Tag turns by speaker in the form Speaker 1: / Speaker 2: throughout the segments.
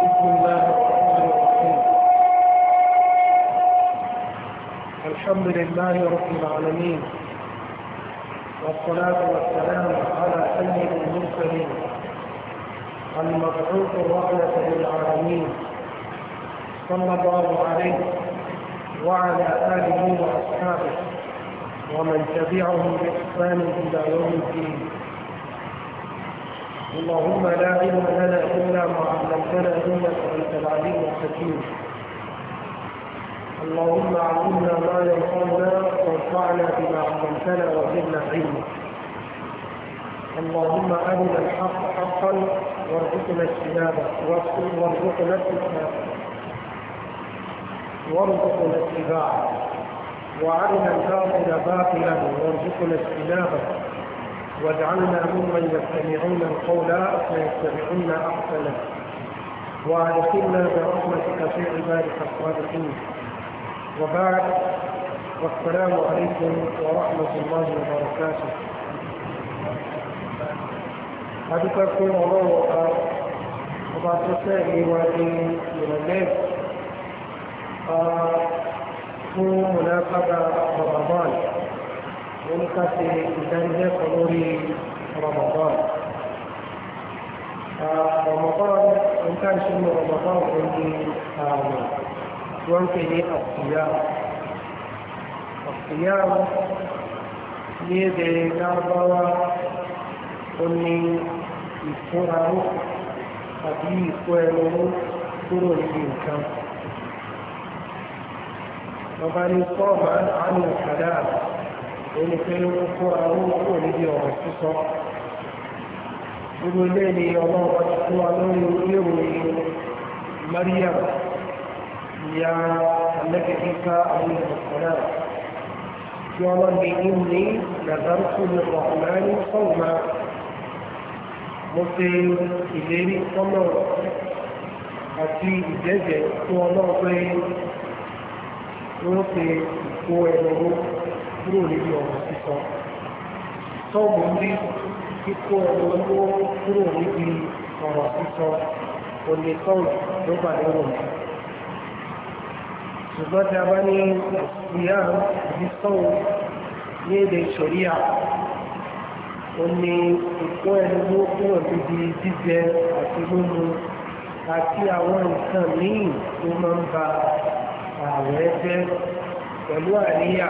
Speaker 1: بسم الله الرحمن الرحيم الحمد لله رب العالمين والصلاة والسلام على سيد المرسلين المبعوث الرحمة للعالمين صلى الله عليه وعلى آله وأصحابه ومن تبعهم بإحسان إلى يوم الدين اللهم لا علم لنا إلا ما علمتنا إنك أنت العليم الحكيم اللهم علمنا ما ينفعنا وانفعنا بما علمتنا وزدنا علما اللهم أرنا الحق حقا وارزقنا اجتنابه وارزقنا اتباعه وارزقنا اتباعه وعلم الباطل باطلا وارزقنا اجتنابه واجعلنا ممن يستمعون القول فيتبعون احسنه وادخلنا برحمتك في عبادك الصالحين وبعد والسلام عليكم ورحمه الله وبركاته أذكركم الله وقال ọba سائل tó من الناس آه هو fún رمضان wọ́n ká ṣe ìdánilẹ́kọ̀ọ́ lórí Ramadan. Ramadan ń ká ṣe mọ Ramadan fún ní ààrùn tí wọ́n ń pè ní àkùyá. Àkùyá ní èdè Lárúbáwá ó ní ìfúnra àbí ìfú ẹnu kúrò níbi nǹkan. Ọba ní sọ́ọ̀bà àánú kàdáàbà ẹni pé ó kóra ó kò níbi ọ̀rọ̀ sísọ gbogbo ilé ni ọlọ́run bá ti fún wa lórí oníròyìn Maryam ìyá alẹ́kẹ̀kẹ́ká àwọn ìrọ̀kọ̀lá tí ọlọ́run ní ìní nàzàrùkù ní ọ̀hùnmáà ní sọ́ọ̀mà mo ṣe ìlérí sọ́nà àti ìjẹ́jẹ́ fún ọlọ́run pé wọ́n ṣe ìkó ẹ̀rọ kúrò níbi ọ̀rọ̀ sísọ tọ́ọ̀mù ní kíkó ọmọ lọ́wọ́ kúrò níbi ọ̀rọ̀ sísọ olè tọ́ọ̀mù ló bà lérò mọ́ ṣùgbọ́n tí a bá ní ìyá àbí tọ́ọ̀mù ní èdè ìṣòríà ó ní ìkó ẹni kúrò níbi jíjẹ àti mímu àti àwọn nǹkan míì tó máa ń ba ààrẹ jẹ pẹ̀lú àríyá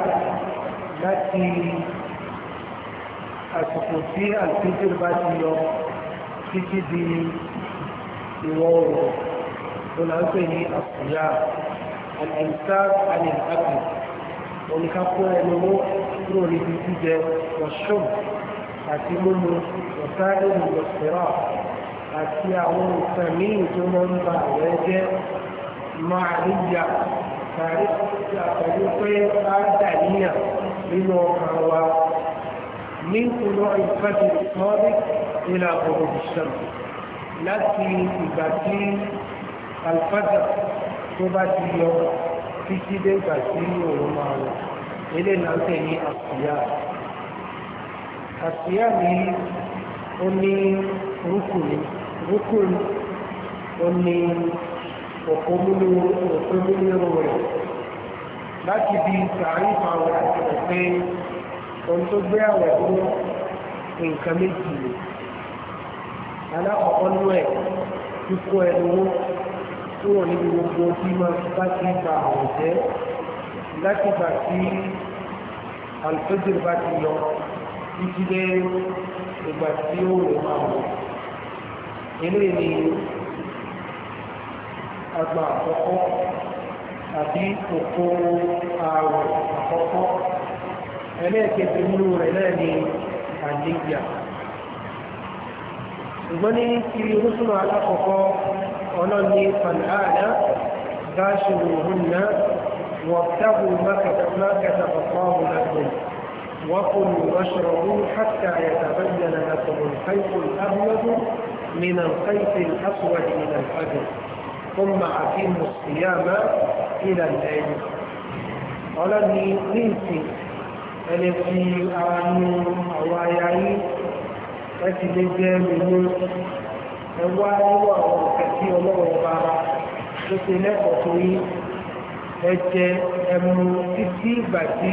Speaker 1: láti àsìkò tí àlùfíjìrì bá ti yọ títí di ìwọ̀ oòrùn tó là ń pè ní àkùyà àlẹ́ǹtà àlẹ́ǹtàkù oníkápọ̀ ẹlọ́wọ́ kúrò níbi jíjẹ wọ̀ṣọ́m àti mímu ọ̀tá ìlú lọ́sẹ̀rọ̀ àti àwọn nǹkan tó máa ń ba àwẹ̀ jẹ́ máa níyà tàbí pẹ̀lú pé a dà níyàn nínú ọkàn wa ní kùnà ìfẹ́tì sọ́ọ́dí ìlà ọ̀rọ̀ ìṣẹ̀lẹ̀ láti ìgbà tí alifájà tó bá ti yọ títí dé ìgbà tí òun máa wọ̀ ilé náà tẹ̀ ní àṣìyá àṣìyá ni ó ní rúkùn ní rúkùn ní ọ̀pọ̀ múlẹ́rọ rẹ̀ láti bí tààrífà àwọn àti ọ̀pẹ́ ohun tó gbé àwẹ̀ fún nǹkan méjì rẹ̀ alákọ̀ọ́kọ́ nú ẹ̀ kíkó ẹnu wó kúrò níbi gbogbo tí máa bá ti ba àwọn jẹ́ láti gbà tí alùpùpù bá ti yọ títí dé ìgbà tí ó rẹ̀ máa wọ̀ eléyìí àgbà àkọ́kọ́ àbí òkú ààwẹ̀ àkọ́kọ́ ẹlẹ́ẹ̀kẹ́kẹ́ nínú rẹ̀ náà ni àníyà ṣùgbọ́n ní ti rúṣùnà alákọ̀ọ́kọ́ ọlọ́ni fàlànà bá ṣòro òun náà وابتغوا ما كتب الله لكم وكلوا واشربوا حتى يتبين لكم الخيط الابيض من الخيط الاسود من الفجر ثم أقيموا الصيام إلى الليل ọlọ́ni ní ìsìn ẹni fi ara nu àwọn aya yìí ẹtì lè jẹ́ mímú ẹwà níwọ̀ àwọn òkèkí ọlọ́run bá tó ṣe lẹ́kọ̀ọ́ tó yí ẹjẹ ẹmu títí ìgbà tí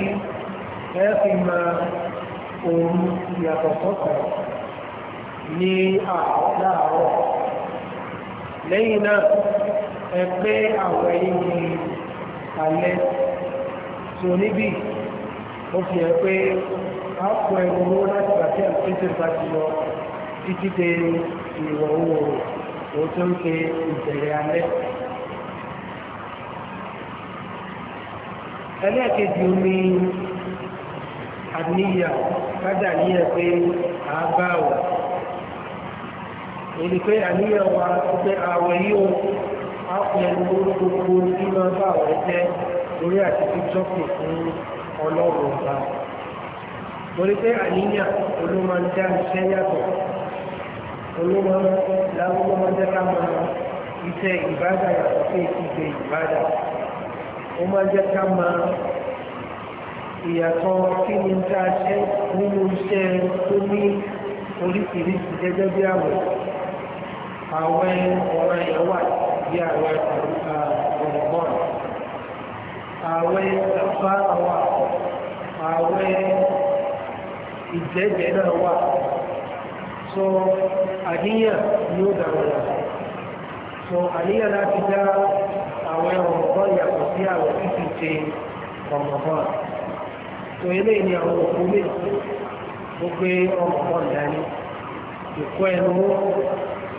Speaker 1: ẹ fi òun ìyàtọ̀ sọ́kàn ní àárọ̀ lẹ́yìn náà ẹ pé àwẹ̀ yìí ní alẹ́ tó níbí ó fi hàn pé a kọ ẹ̀rọ owó láti bàtí àtúntò bá ti lọ títí dé ìwọ̀ oòrùn tó tó ń ṣe ìbẹ̀rẹ̀ alẹ́. ẹlẹ́ẹ̀kejì omi àníyàn kájà níyàn pé àá bá wà èdè pé àníyàn wa pé àwọ̀ yìí ó á fi ẹnu lórí gbogbo tí máa bá àwọ̀ jẹ́ lórí àti fi jọ́sìn fún ọlọ́run ọba torí pé àníyàn olóma ń dá iṣẹ́ yàtọ̀ olóma lágbógbó máa jẹ́ ká máa iṣẹ́ ìbádà yàtọ̀ sí ìṣe ìbádà ó máa jẹ́ ká máa ìyàtọ̀ kí ni tá a ṣe nínú iṣẹ́ tó ní oríṣiríṣi gẹ́gẹ́ bí àwọ̀ àwẹ̀ ọ̀rọ̀ ìyẹ̀wà bí àwẹ̀ ọ̀rọ̀gbọ́n àwẹ̀ ọ̀fà wà àwẹ̀ ìjẹ́jẹ́ náà wà so àníyàn ni ó dàrọ̀ so àníyàn láti dá àwẹ̀ ọ̀rọ̀gbọ́n yàtọ̀ sí àwẹ̀ títí ṣe ọ̀rọ̀gbọ́n so eléyìí ni àwọn òkú mi ó gbé ọ̀rọ̀gbọ́n dání ìkọ́ ẹnu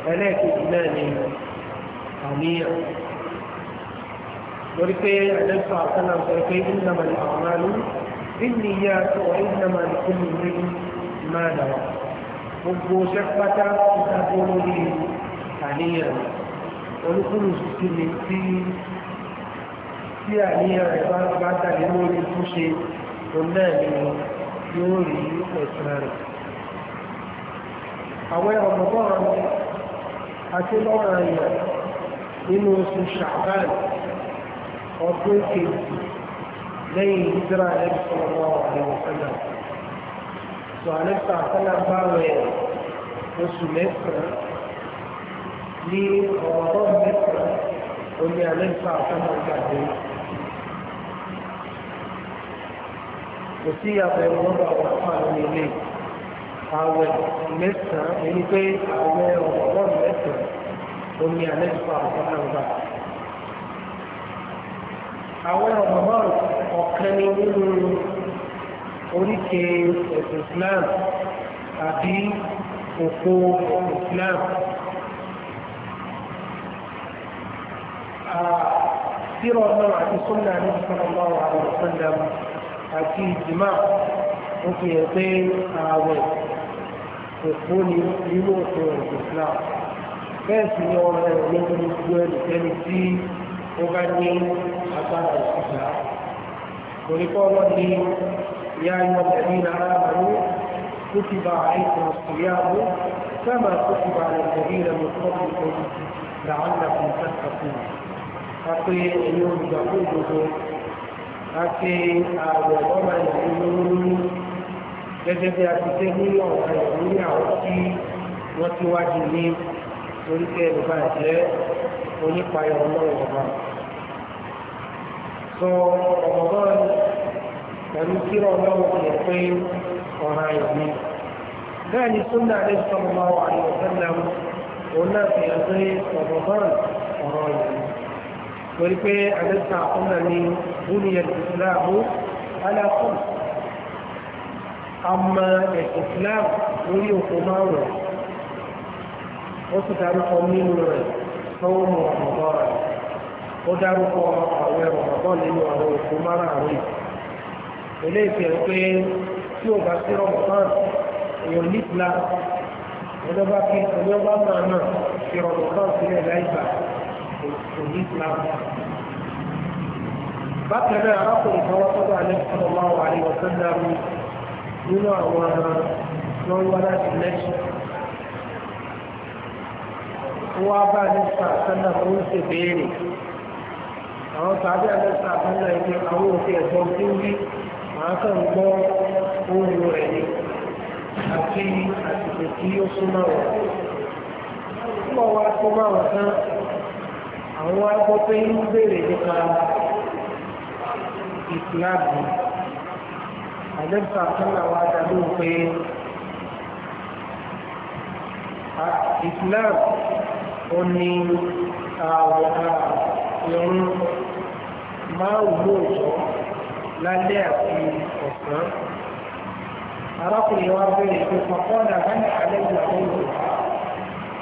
Speaker 1: هلاك إيمان عميق ولكي صلى الله نفع سلام ولكي إنما الأعمال بالنيات وإنما لكل امرئ ما نوى حب شقة تكون لي عليا ولكل سكن في في عليا بعد لمول الفشي والنام يوري وإصراره أولا رمضان àti lọ́rọ̀ ayọ̀ nínú oṣù ṣàbán ọdún kejì lẹ́yìn ìdíra ẹ̀sọ́ ọ̀rọ̀ àlẹ́wọ̀sánà sọ àlẹ́sà àtàlà bá rẹ̀ oṣù mẹ́sàn-án ní ọ̀rọ̀ mẹ́sàn omi àlẹ́sà àtàlà kò sí ìyàbẹ̀rù lọ́dọ̀ àwọn ilé yìí àwẹ̀ mẹ́sàn-án ẹni pé àwẹ̀ ọ̀gbọ̀n mẹ́sàn-án omi àlẹ́sùpá ọ̀gbọ̀nàgbà. àwẹ̀ ọ̀gbọ̀n ọ̀kan ni nínú oríkè ẹ̀sìn Islam àbí òkú Islam. síra ọlọ́run àti súnà ní sallallahu alaihi wasallam àti ìjìmá ó fi hàn pé ààwẹ̀ kò fúnni nínú òfin ọ̀sìn Islam bẹ́ẹ̀ sì ni ọmọ rẹ̀ ló ń gbogbo ẹnikẹ́ni tí ó bá ní agbára ìsìlá torí pé ọmọ ní ìyá ayọ́ ẹ̀mí lára àmàlú tó ti bá àìsàn ìyáàbò sábà tó ti bá ẹ̀mí rẹ̀ lọ́kọ̀ọ́kọ́ làálàkùn sàkàkùn àti ẹ̀yọ́ ìgbàgbọ́ ìgbòho àti ààwẹ̀ ọmọ ẹ̀mí lórí gẹ́gẹ́ bí a ti jẹ́ nínú àwọn ẹ̀rọ ní àwọn tí wọ́n ti wájú ní oríkẹ́ ẹ̀rọ̀bá jẹ́ onípayọ̀ ọlọ́run ọba. sọ ọ̀mọ̀bọ́n pẹ̀lú kíra ọlọ́run kìí pé ọ̀ràn ìlú. bẹ́ẹ̀ ni súnà lè sọ ọmọ àyọ̀ sẹ́lẹ̀ òun náà fi hàn pé ọ̀mọ̀bọ́n ọ̀rọ̀ ìlú. torí pé àlẹ́sà ọ̀nà ni búniyàn ìsìláàmù alákùnrin àmà ẹ̀sìn Islam lórí òkú márùn-ún ó sì dárúkọ nínú rẹ̀ sọ́wọ́ mu ọ̀mọ̀gbọ́ rẹ̀ ó dárúkọ àwọn ẹ̀rọ ọ̀mọ̀gbọ́ nínú àwọn òkú márùn-ún yìí eléyìí fi hàn pé tí ò bá sí ọ̀mọ̀gbọ́n èèyàn ní Islam ọjọ́ bá kí ọjọ́ bá máa náà fi ọ̀mọ̀gbọ́n sílẹ̀ láìpẹ́ kò ní Islam bákan náà arákùnrin kan wá sọ́dọ̀ àlẹ́ sọ́dọ̀ máa wà ní ọ̀sán dáa nínú àwọn wọn wá láti lẹ́sìn. wọ́n á bá nípa àtàlà tó ń ṣe béèrè àwọn tàbí àlẹ́sà àtàlà ẹgbẹ́ àwọn òfin ẹ̀gbọ́n tí ń rí màá kàn gbọ́ ohun rẹ̀ ni àti àsìkò tí ó súnmọ́ wọn. Nígbà wa súnmọ́ wọn tán, àwọn agbọ́ ń béèrè nípa ìsìláàmù àdẹ́bùsà sọ́nà wa dàbí pé Islam ó ní àwọ̀ká irun máa wúlò ọ̀tọ̀ lálẹ́ àti ọ̀sán arákùnrin wa bẹ̀rẹ̀ pé pàpọ̀ náà bá ní alẹ́ ìgbà tó ń bọ̀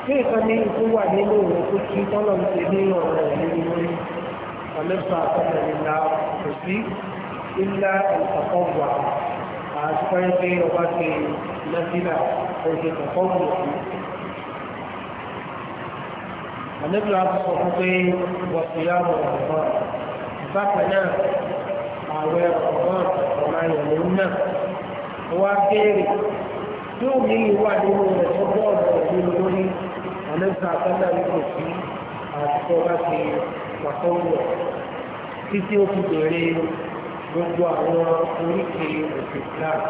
Speaker 1: kí nǹkan ní ikú wà nínú òun tó kí tọ́lọ̀ ń ṣe ní ọ̀rọ̀ ìlú lórí ọ̀lẹ́fà àtọ́lẹ̀ nílá kò sí ilá ìtàkọ́gbà àti pé ọba ṣe lẹ́sílà oṣù tàkọ́gbà àníbi láti sọ fún pé wọ̀síyàwó ọ̀gbọ́n bákan náà ààwẹ̀ ọ̀gbọ́n ọ̀nà ìrìn náà wá béèrè tí ó ní ìwà nínú rẹ̀ tó bọ́ọ̀lù ọ̀gbìn lórí àti tó bá ṣe pàtó títí ó fi bèèrè gbogbo àwọn oríṣi òṣìṣẹ́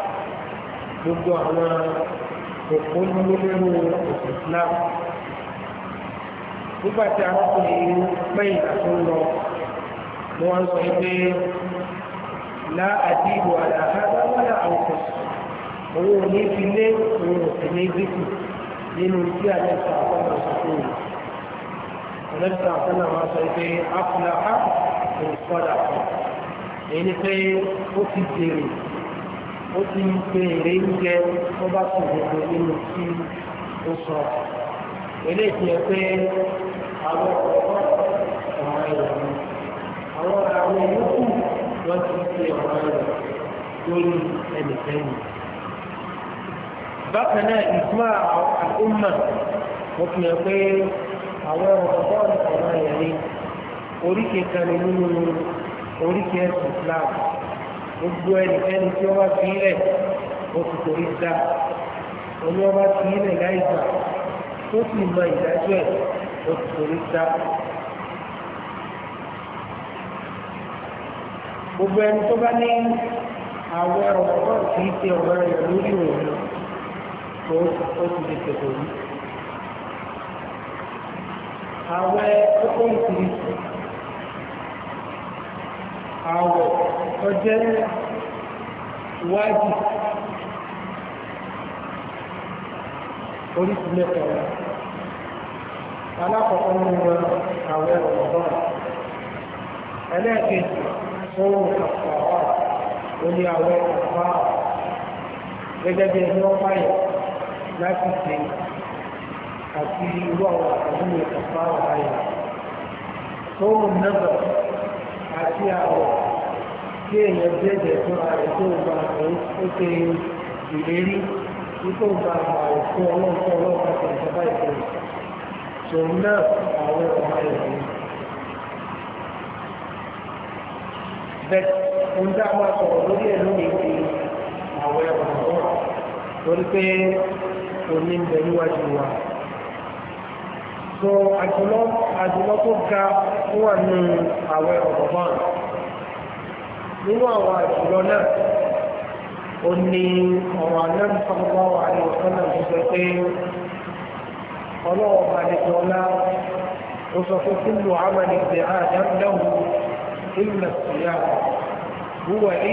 Speaker 1: gbogbo àwọn òpónúlélẹ́nu òṣìṣẹ́ nígbà tí arákùnrin pẹ́yìn àti ń lọ ni wọ́n sọ pé láàdìbò àdáhàdá wọ́n àwọn owó ní ilé òun òsì ní dínkù nínú tí àlẹ́sà àtọ́nà sọ́kùn àlẹ́sà àtọ́nà wọn sọ pé afúnláhà kò sọ́dà kan. èyí pé ó ti jèrè ó ti ń pe èrè ń jẹ tó bá sùn gbogbo nínú tí ó sọ eléyìí ti yẹ pé àwọn ọ̀rọ̀ ọ̀rọ̀ ẹ̀rọ àwọn àwọn yòókù wọ́n ti ṣe ọ̀rọ̀ ẹ̀rọ lórí ẹnìkẹ́yìn. bákan náà ìtumọ̀ àkómà mo fi hàn pé àwọn ọ̀rọ̀ ọ̀rọ̀ ẹ̀rọ oríkèékan nínú oríṣi ẹ̀sùn Islam gbogbo ẹnikẹ́ni tí ó bá fi ilẹ̀ ó ti torí dá oní ọba fi ilẹ̀ láì gbà tó sì mọ ìdájọ́ ẹ̀ ó ti torí dá. gbogbo ẹni tó bá ní àwọn ọ̀rọ̀ kì í ṣe ọ̀rọ̀ rẹ̀ lórí òun tó ó ti lè tètè rí. àwọn ẹ̀kọ́ ìtìrìsì àwọ̀ tó jẹ́ wájì oríṣi mẹ́ta rẹ̀ alákọ̀ọ́kọ́ ní wọn àwẹ̀ ọ̀gbọ́n ẹlẹ́ẹ̀kejì fóònù àpàwà oní àwẹ̀ àpàwà gẹ́gẹ́ bí ẹni wọ́n báyìí láti ṣe àti irú àwọn àtàlùmọ̀ àpàwà báyìí fóònù náà àti àwọ̀ tí èèyàn jẹ́jẹ̀ fún ààrẹ tó gba àwọn oṣè ìlérí tó gba àwọn fún ọlọ́pàá ọlọ́pàá tó ìjọba ìpínlẹ̀ tòun náà àwọn ọmọ ìlú. bẹ́ẹ̀ ohun tí a máa sọ̀rọ̀ lórí ẹ̀ lónìí ti àwọn ẹ̀wọ̀n náà torí pé òní ń bẹ níwájú wa sọ àjùlọ àjùlọ tó ga tó wà ní àwẹ̀ Ramadan nínú àwọn àjùlọ náà ó ní ọ̀rọ̀ àlẹ́mú sọ́kọ́ àyẹ̀wò sọ́nà tó sọ pé ọlọ́wọ́ àlejò ọlá ó sọ pé kí ló àmà ní ìgbé àdám lẹ́hùn ìlú ìyá wúwẹ̀ ní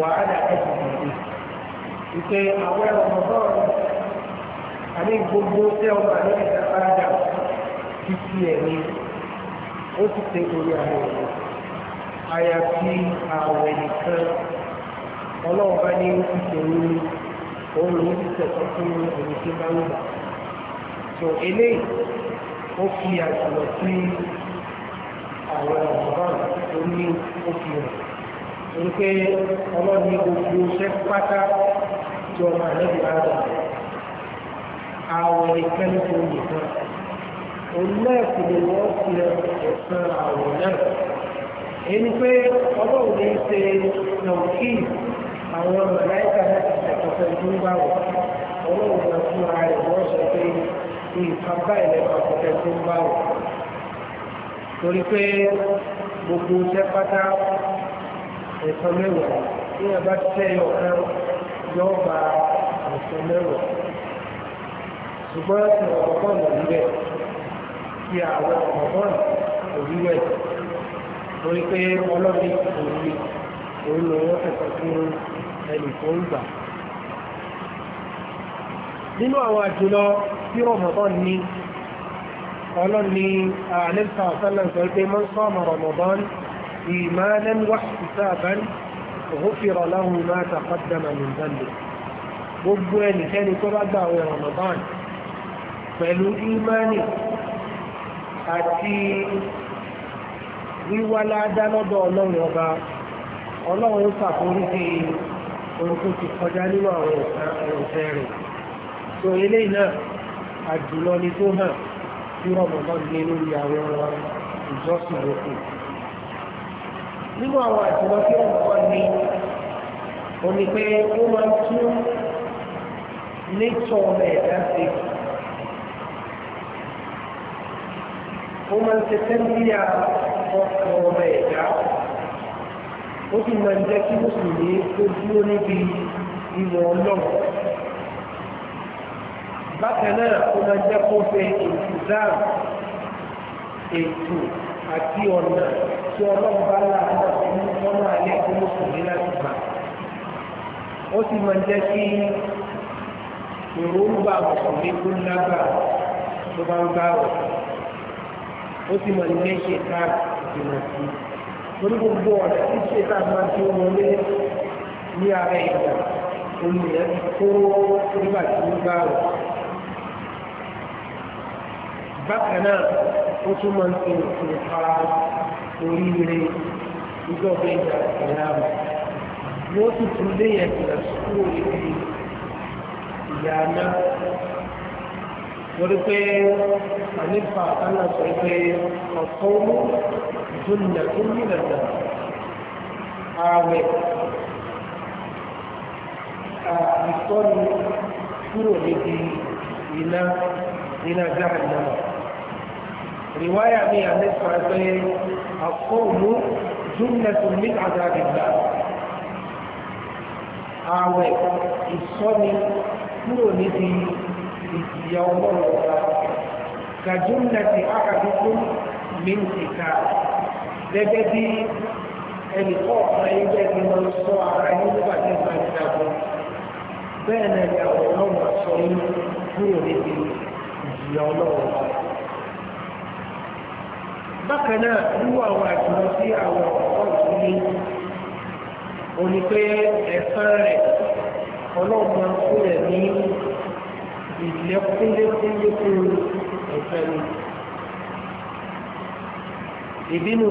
Speaker 1: wàhálà ẹ̀sìn ìgbé ìpè àwẹ̀ Ramadan àbí gbogbo tẹ́ ọmọ àlẹ́bí sáfárádà títí ẹ̀ ní ó sì tẹ orí àwọn ọ̀rọ̀ àyàfi ààwẹ̀ nìkan ọlọ́run bá ní ó ti tẹ̀wé òun ló ti tẹ̀sán fún ẹni tí bá wù tó eléyìí ó fi àjùlọ sí àwọn ọ̀gbọ́n tó ní ó fi hàn torí ọlọ́run ní gbogbo iṣẹ́ pátá tí ọmọ àlẹ́bí sáfárádà àwọ̀ nìkan ní kò nìkan òun náà sì lè wọ́n fi ẹ̀sán àwọ̀ náà èyí pé ọlọ́run ní ṣe nàìjí àwọn mọ̀láìkà ẹ̀kọ́fẹ́ tó ń bá wọ̀ ọlọ́run náà fún ara rẹ̀ wọ́n sọ pé nǹkan báyìí lẹ́kọ̀ọ́ tó ń bá wọ̀ torí pé gbogbo iṣẹ́ pátá ẹ̀sán mẹ́wàá ní ẹ̀bá tẹ́ ọ̀kan yọ̀ọ́ bá ẹ̀sán mẹ́wàá ṣùgbọ́n ẹ̀sìn ọ̀pọ̀pọ̀ òwúrẹ̀ ti àwọn ọ̀pọ̀pọ̀ òwúrẹ̀ torí pé ọlọ́run òwúrẹ̀ òun ló wọ́n fẹ̀sọ̀ fún ẹnì tó ń gbà. nínú àwọn àjùlọ tí Ramadan ní ọlọ́run ní àlẹ́sà ọ̀sánlá sọ pé man sama Ramadan imanan wa ihtisaban غفر له ما تقدم من ذنبه gbogbo ẹnikẹ́ni tó bá gbà àwọn Ramadan pẹ̀lú ìmánì àti wíwá ládá lọ́dọ̀ ọlọ́run ọba ọlọ́run ó ṣàforíjì ohun tó ti kọjá nínú àwọn ẹ̀rọ̀fẹ́ rẹ̀ tó eléyìí náà àjùlọ ni tó hàn tí rọmọdán ní lórí àwọn ìjọsìn lókè nínú àwọn àjùlọ tí rọmọdán ní omi pé ó máa tún nature ọmọ ẹ̀dá ṣe kù ó máa ń ṣe tẹ́lifíà ọkọ̀ ọmọ ẹ̀dá ó sì máa ń jẹ́ kí mùsùlùmí tó dúró níbi ìwọ̀n ọlọ́run bákan náà ó máa ń jẹ́ kó fẹ́ ìtìzáàmù ètò àti ọ̀nà tí ọlọ́run bá là ń bọ̀ fún ọmọ alẹ́ tó mùsùlùmí láti gbà ó sì máa ń jẹ́ kí èròǹgbà mùsùlùmí tó lágbà tó bá ń bá rọ̀ ó sì mọ̀ ilé ṣe ká ìrìnà sí torí gbogbo ọ̀nà tí ṣe ká máa tí ó wọlé ní ara ìgbà olùyẹ tó nígbà tí ó bá rẹ̀ bákan náà ó tún máa ń ṣe òfin ara oríire ìjọba ìgbà ìyá rẹ̀ ni ó tún léyìn ìgbà sùkúrò ìyá náà torí pé ànífà àná sọ pé ọ̀sánwó jùlọ tó nílẹ̀ náà ààwẹ̀ ìtọ́ni kúrò níbi iná iná jahannama riwaya mi ànífà pé ọ̀sánwó jùlọ tó ní àdáàbì náà ààwẹ̀ ìsọ́ni kúrò níbi iná ìyà ọlọ́run ọba gàdúnlẹ̀tì àkàdúkú mi ń tìka gẹ́gẹ́ bí ẹnì kọ̀ọ̀kan ẹgbẹ́ ti máa ń sọ ara yín nígbà tí wọ́n ti dàgbọ́ bẹ́ẹ̀ náà ni àwọn ọlọ́run àṣọ yín rẹ̀ ọlọ́run máa ń يقتل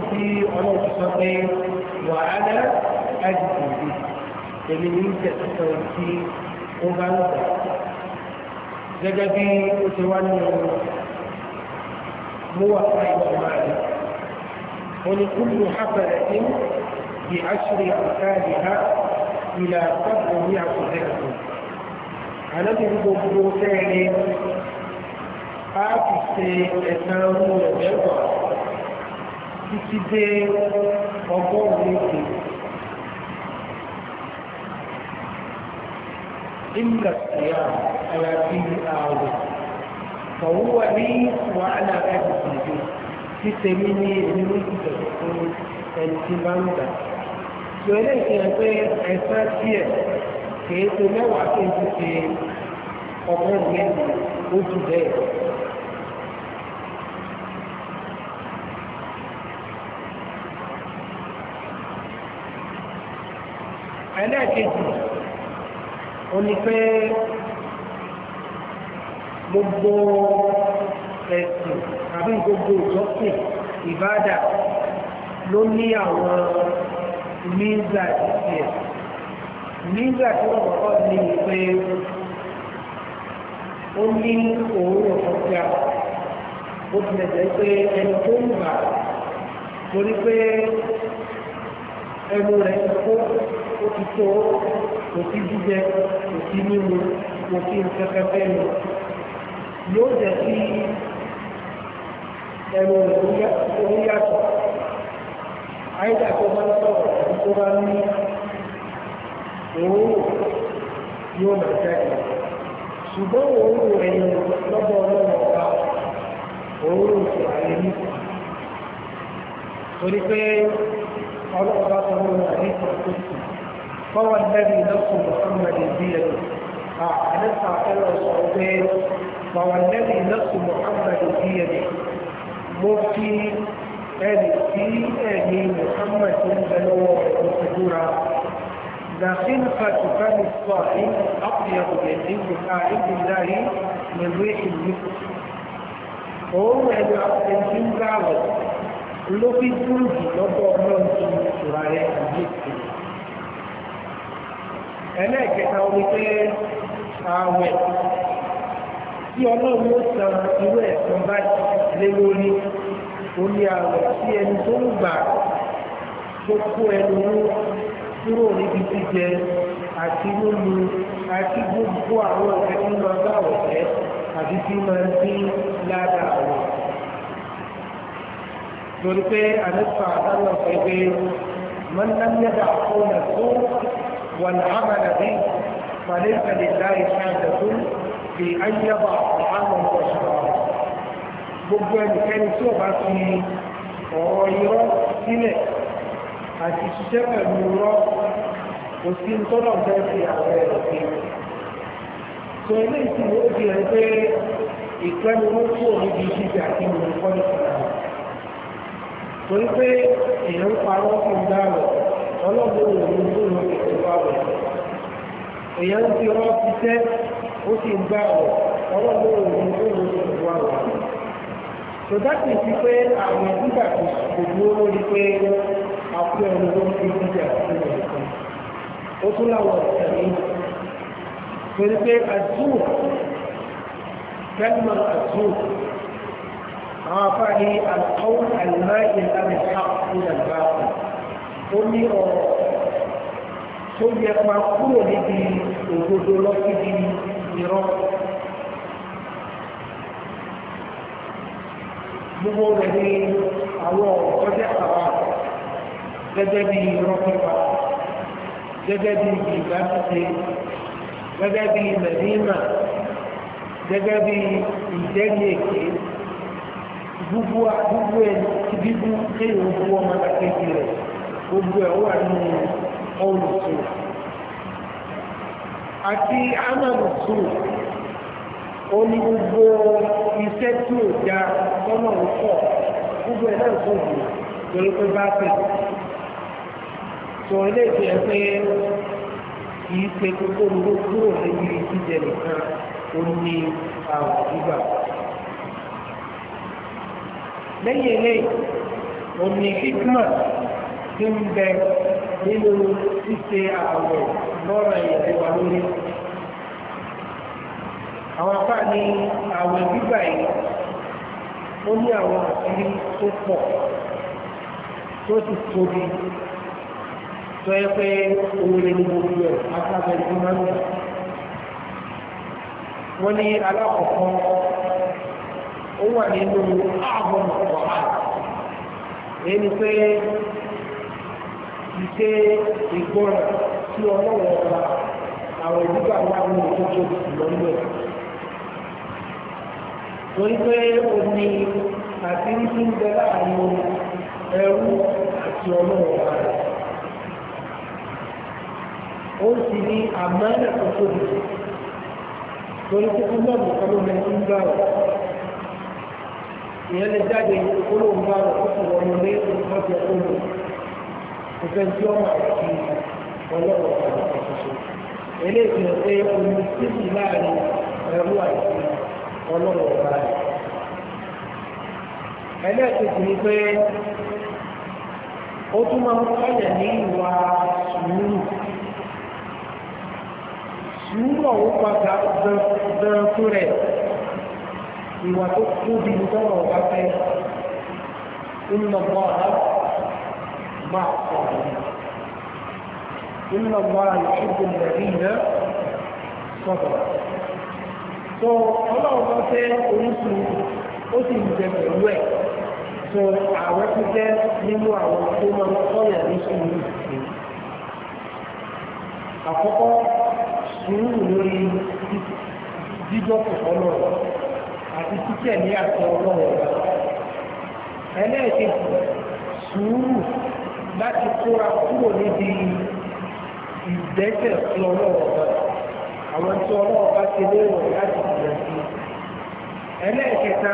Speaker 1: في على الفقير وعلى أجل فمن يجد التوحيد قبلته زاد في أتوان موقع ولكل حفلة بعشر أمثالها إلى قدر مئة ذهب ànábì ní gbogbo sẹ́ẹ̀ni a ti ṣe ẹ̀sán ọmọ rẹ̀ mẹ́fà títí dé ọgọ́rùn-ún èdè. إلا الصيام على فيه آوة فهو لي وعلى أهلي به في سبيل الملك تكون انتباه ذلك يقول أساسيا kìí ṣe mẹ́wàá tó ń ṣe ọgọ́rùn-ún mẹ́rin ó jù bẹ́ẹ̀. ẹlẹ́ẹ̀kejì ó ní pé gbogbo ẹ̀sìn àbí gbogbo ìjọsìn ìbádà ló ní àwọn mínísà ìsìn ẹ̀sìn nígbà tí wọ́n kọ́ ní pé ó ní òwúrọ̀ kọjá ó tilẹ̀ jẹ́ pé ẹni tó ń gbà torí pé ẹnu rẹ̀ ti kó ó ti tó kò sí jíjẹ kò sí mímu kò sí nǹkan bẹ́ẹ̀ lọ yóò jẹ́ sí ẹnu rẹ̀ tó yàtọ̀ àyíká tó bá ń sọ̀rọ̀ tó bá ń ní òun yóò máa jáde ṣùgbọ́n òun ẹ̀yìn lọ́bọ̀ ọlọ́run ọba òun kò àyè ní torí pé ọlọ́ọ̀bá sọ̀rọ̀ náà ní ìtàkùnkù fọwọ́ lẹ́bi lọ́kùn Muhammad bíyẹn àdẹ́sà ọ̀rọ̀ sọ pé fọwọ́ lẹ́bi lọ́kùn Muhammad bíyẹn mo fi ẹni tí ẹ̀yìn Muhammad ń bẹ lọ́wọ́ ọ̀rọ̀ dúra. لخلفة فم الصائم أطيب من عند الله من ريح المسك òun ẹ̀dọ̀ àtẹ̀jú ń gbà wọ̀ ló fi dúró jù lọ́dọ̀ ọlọ́run tó ń tura rẹ̀ ìdí èkó. ẹlẹ́ẹ̀kẹta omi pé ààwẹ̀ tí ọlọ́run ó san irú ẹ̀sán bá lé lórí ó ní ààwẹ̀ tí ẹni tó ń gbà tó kó ẹnu mú kúrò níbi jíjẹ àti mímu àti gbogbo àwọn ọ̀fẹ́ tí máa bá ọ̀fẹ́ àti tí máa ń dín ládà àwọn. torí pé àlùfà àdáwọ̀ ọ̀fẹ́ pé من لم يدع قول الزور والعمل به فليس لله حاجة في أن يضع طعامه gbogbo ẹnikẹ́ni tí ó bá fi ọ̀rọ̀ irọ́ sílẹ̀ àti ṣiṣẹ́ pẹ̀lú rọ́ kò sí tọ́lọ̀ fẹ́ fi àwọn ẹ̀rọ sí i. sọ ilé ìsìn ó di ẹ̀ pé ìpẹ́ni wọ́n kú òníbi jíjẹ àti olùkọ́ ní ìlànà. torí pé èèyàn ń parọ́ fún dáàbò ọlọ́gbọ́n òun ló lọ ètò ààbò. èèyàn ń fi rọ́ ṣiṣẹ́ ó sì ń gbà ọ̀ ọlọ́gbọ́n òun ló lọ ètò ààbò. sọdá kìí sí pé àwọn ìgbà kò gbogbo lórí pé àti ẹni tó ń fi jíjẹ àti ìrìn kan ó tún láwọn ìtẹ̀lé pẹ̀lú pé àjúù kẹ́lìmọ̀ àjúù àwọn afá ní àkọ́wọ́ àìmá ìlànà àkùn àgbà ó ní ọ̀rọ̀ tó yẹ pa kúrò níbi òdodo lọ síbi ìrọ́ gbogbo rẹ̀ ní àwọn ọ̀rọ̀ tó jẹ́ àwọn àkọ́ gẹ́gẹ́ bí irọ́ pípa gẹ́gẹ́ bí ìgbà títí gẹ́gẹ́ bí mẹ̀dínà gẹ́gẹ́ bí ìjẹ́rìí èké gbogbo gbogbo ẹ̀ ti bíbú kéèyàn ó bú ọmọ akéèké rẹ̀ gbogbo ẹ̀ wà nínú ọ̀rùsù àti amàlùsù ó ní gbogbo iṣẹ́ tí ò dáa tọ́nà ń gbogbo ẹ̀ náà tó wù torí pé bá pè é. sọ ilé ìfẹ́ pé kìí ṣe kókó ló kúrò níbi jíjẹ nìkan ó ní àwọn ìgbà. lẹ́yìn eléyìí ó ní hikma ń bẹ nínú ṣíṣe àwọ̀ lọ́rọ̀ ìdí wa lórí. àwọn apá ní àwọ̀ gbígbà yìí ó ní àwọn tó tó yẹ pé owó lè ní gbogbo ẹ̀ afẹ́fẹ́ tí máa ń gbà. wọ́n ní alákọ̀ọ́kọ́ ó wà nínú ààbọ̀n ọ̀pọ̀ èyí ni pé ìṣe ìgbọràn tí ọlọ́wọ́ ọba àwọn ìdígbà wà nínú ìtọ́jú ìlọ́nú ẹ̀ torí pé omi àti ń tún bẹ láàrin ẹrú àti ọlọ́wọ́ ọba rẹ̀ ó sì ní àmàlà tó tóbi torí pé fún náà nìkan ló mẹ ń gbà ọ ìyẹn lè jáde olóhùn bá ọ kókò wọnú lé ìfọ̀jẹ̀ olù ìfẹ́ tí ọmọ àti ọlọ́wọ́ àti ọ̀ṣọ́ṣọ́ eléyìí ló pé omi títì láàrin ẹrú àti ọlọ́wọ́ ọ̀la rẹ̀ ẹlẹ́ẹ̀kejì ni pé ó tún máa ń kọ́yẹ̀ ní ìwà sùúrù sùúrọ̀ ó padà bẹ̀rẹ̀ fún rẹ̀ ìwà tó tóbi tọ́rọ̀ ọba fẹ́ ìnàbọ̀ máa pọ̀ ìnàbọ̀ ìṣubú nàìjíríà sọ̀tọ̀ tó ọlọ́run bá fẹ́ orísun ó sì ń jẹ pẹ̀lú ẹ̀ tó ààrẹ tó jẹ́ nínú sùúrù lórí jíjọ́pọ̀ ọlọ́run àti títẹ̀ ní àti ọlọ́run ẹlẹ́ẹ̀kejì sùúrù láti kóra kúrò níbi ìdẹ́sẹ̀ sí ọlọ́run àwọn tí ọlọ́run bá ti léèrò láti jìnà sí ẹlẹ́ẹ̀kẹta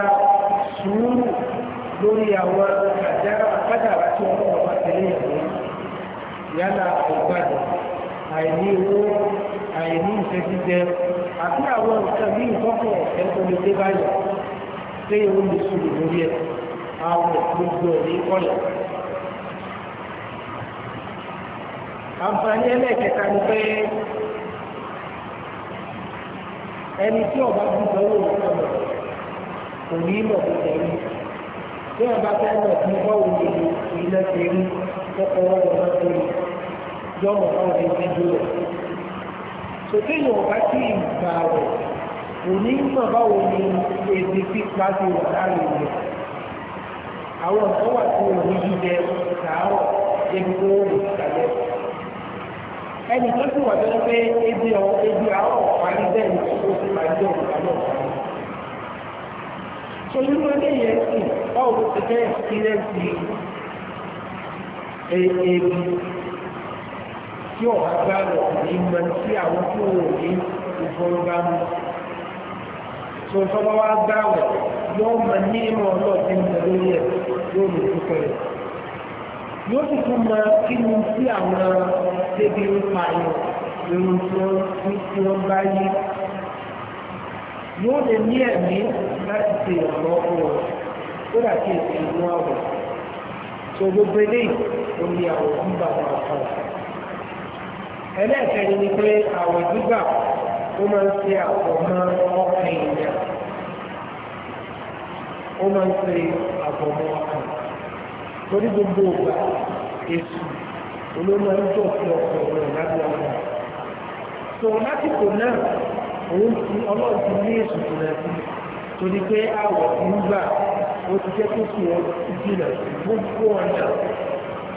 Speaker 1: sùúrù lórí àwọn àjára kádàrá tí ọlọ́run bá ti léèrò yálà àìgbàdàn àìní owó àìní ìfẹ́ jíjẹ àti àwọn nǹkan bí ìtọ́kọ̀ ẹ̀kọ́ lè dé báyìí pé ó lè sùn lórí ẹ̀ àwọn gbogbo ẹ̀ ní kọ́lẹ̀. àǹfààní ẹlẹ́ẹ̀kẹta ni pé ẹni tí ọba gbígbọ́ wò ó kọ̀ọ̀lọ̀ kò ní mọ̀ tó tẹ̀lé bí ọba fẹ́ mọ̀ tí bọ́ọ̀lù ilẹ̀ tẹ̀lé kọ́kọ́ wọn lọ́wọ́ tó yọ̀mọ̀ náà lè tòtẹ́yìn ọ̀bá tí ìgbà rẹ̀ òní mọ̀ báwo ni èdè pípa ti wà láàrin rẹ̀ àwọn nǹkan wà tí wọn ní jíjẹ sàárọ̀ ebi tó wọ́n lè sàlẹ̀ ẹnì kan sì wà tó ń pé ebi ọ̀ ebi àárọ̀ parí bẹ́ẹ̀ ni kò sí parí bẹ́ẹ̀ ni kò sí parí torí wọn lè ti fẹ́ ẹ̀sìkírẹ́sì e, ebi tí ọ̀há bá wọ̀ ìmọ̀ tí àwọn tí ó wò ní ìfọ̀rọ̀gbámú. tó tọ́wọ́ wá gbá wọ̀ yóò mọ ní ìmọ̀ ọlọ́ọ̀tí ń bẹ lórí ẹ̀ yóò lè dúpẹ́ rẹ̀. yóò sì tún mọ kí ni tí àwọn débi ń pa ẹ̀ lórí tí wọ́n bá yí. yóò lè ní ẹ̀mí láti ṣe ìrànlọ́wọ́ wọn ó dà kí èsì ìlú àwọ̀. tó gbogbo eléyìí ó ní àwọn ń bàbá àpá ẹlẹ́ẹ̀kẹ́ni ni pé àwẹ̀ gbígbà ó máa ń ṣe àfọ̀mọ́ ọkàn èèyàn ó máa ń ṣe àfọ̀mọ́ ọkàn torí gbogbo ògbà èsù olóńgbà ń jọ sí ọkọ̀ rẹ̀ lábẹ́ ọkọ̀ tó lásìkò náà òun ti ọlọ́run ti ní èsù tó rẹ̀ sí torí pé àwọ̀ ti ń gbà ó ti jẹ́ tó sì wọ́n ti jìnà gbogbo ọ̀nà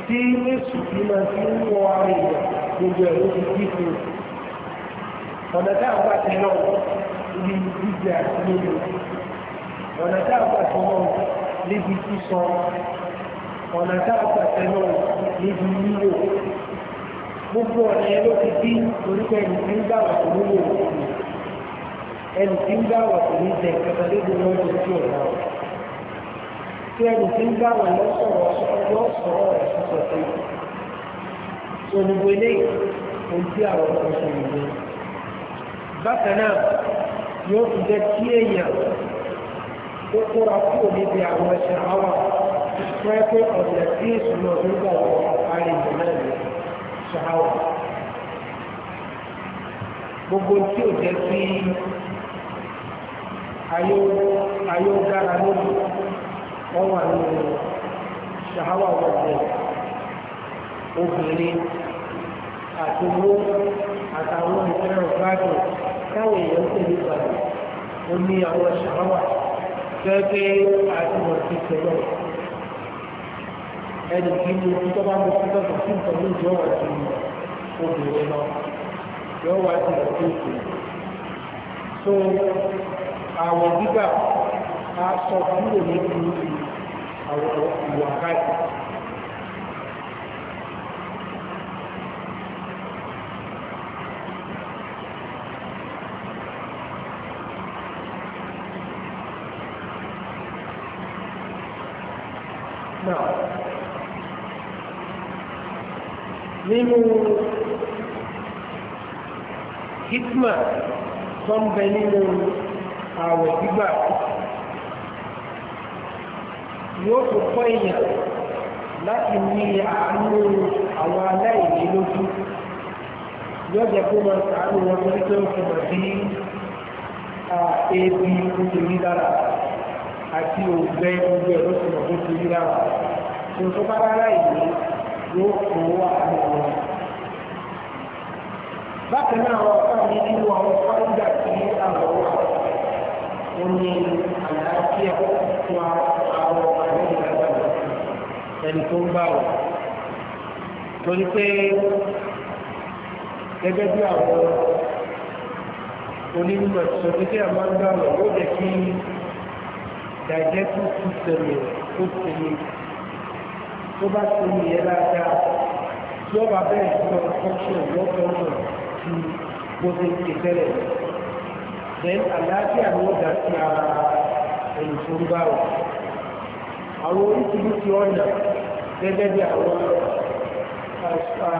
Speaker 1: tí èsù ti máa fi ń wọ ara èèyàn gbogbo ẹ̀ ó ti kí fún ọ̀nà tá a bá ti lọ ní jíjẹ àti lórí ọ̀nà tá a bá ti lọ níbi sísọ ọ̀nà tá a bá ti lọ níbi lílo gbogbo ọ̀nà ẹ̀ ló ti bí orúkọ ẹni tí ń dáwọ̀ tó ní wò ẹni tí ń dáwọ̀ tó ní jẹ kẹta lébi lọ́jọ́ tí ò tí ẹni tí ń dáwọ̀ lọ́sọ̀rọ̀ lọ́sọ̀rọ̀ ẹ̀ sísọ sí i tó gbogbo ilé ohun tí àwọn ọmọ ṣe nìyẹn bákan náà yóò fi jẹ́ kí èèyàn ó kóra kúrò níbi àwọn ẹ̀ṣẹ̀ àwọn pẹ́ẹ́pẹ́ ọ̀sẹ̀ tí ìṣúná ọdún gbà wọ àpárí ìlú náà lè ṣáwà gbogbo tí ò jẹ́ kí ayé dára lórí ọwà nínú ṣáwà wọ̀ọ̀dẹ̀ obìnrin àtòwó àtàwọn ìfẹ́ràn gbádùn táwọn èèyàn tẹ̀lé gbàgbọ́ ó ní àwọn ṣàwà gẹ́gẹ́ àtìmọ̀ ti tẹ̀lé ẹnì kí ni ojú tó bá mú sí tọ́jú sí nǹkan ní ìjọ wà ju obìnrin lọ yọ wá sí ìrọ̀lẹ́ òkè so àwọn gbígbà a sọ kúrò níbi àwọn ìwà káàkiri. nínú hikma tó ń bẹ nínú àwẹ̀ gbígbà yóò tó kọ́ èèyàn láti ní àánú àwọn aláìní lójú yóò jẹ́ kó máa sàánú wọn torí pé ó fi mọ̀ sí ebi nítorí lára àti òògbẹ́ gbogbo ẹ̀ ló fi tó ti rí lára. Tòótọ́ bá rárá yóò fún wa àwọn ọ̀rọ̀. bákan náà àwọn ọ̀pá mi nínú àwọn fáńdà tí a lọ wà ó ní àlàáfíà fún àwọn ọ̀rọ̀ ìgbàgbọ́ ẹni tó ń bá wọ̀ torí pé gẹ́gẹ́ bí àwọn onímọ̀ ìṣòro tí ń gbà wọ̀ ó jẹ́ kí digestive system rẹ̀ ó ti tó bá ti ní ẹ dáadáa tí ó bá bẹ́ẹ̀ sọ ọ̀ṣọ́ lọ́tọ̀ọ̀tọ̀ ju bó ṣe ṣe tẹ́lẹ̀ then àlàáfíà ni ó dá sí ara ẹni tó ń bá wà àwọn oríṣiríṣi ọ̀nà gẹ́gẹ́ bí àwọn tàbí ah,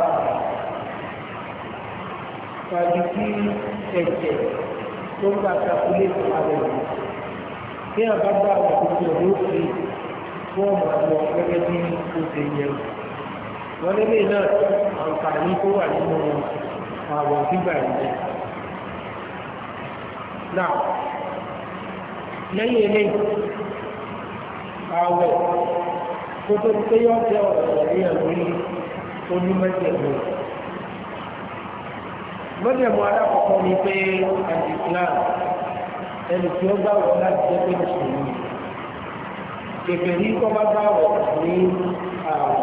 Speaker 1: ah, ẹ̀jẹ̀ tó ń bá takulé àrẹ̀ kí àbá bá àwọn òṣèlú òfin wọ́n mọ̀ lọ gẹ́gẹ́ bí ó ṣe yẹ wọ́n lélẹ̀ náà àǹfààní tó wà nínú àwọn gbígbà ìjẹ náà lẹ́yìn eléyìí àwẹ̀ kó tó ti pé yọ jẹ́ ọ̀rọ̀ ìyẹn lórí onímọ̀jẹ̀mọ̀ mọ̀jẹ̀mọ̀ alákọ̀ọ́kọ́ ni pé àti Islam ẹni tí ó gbà láti jẹ́ pé mùsùlùmí kẹfẹ́ ní kọ́ bá bá wọ̀ ní àwọ̀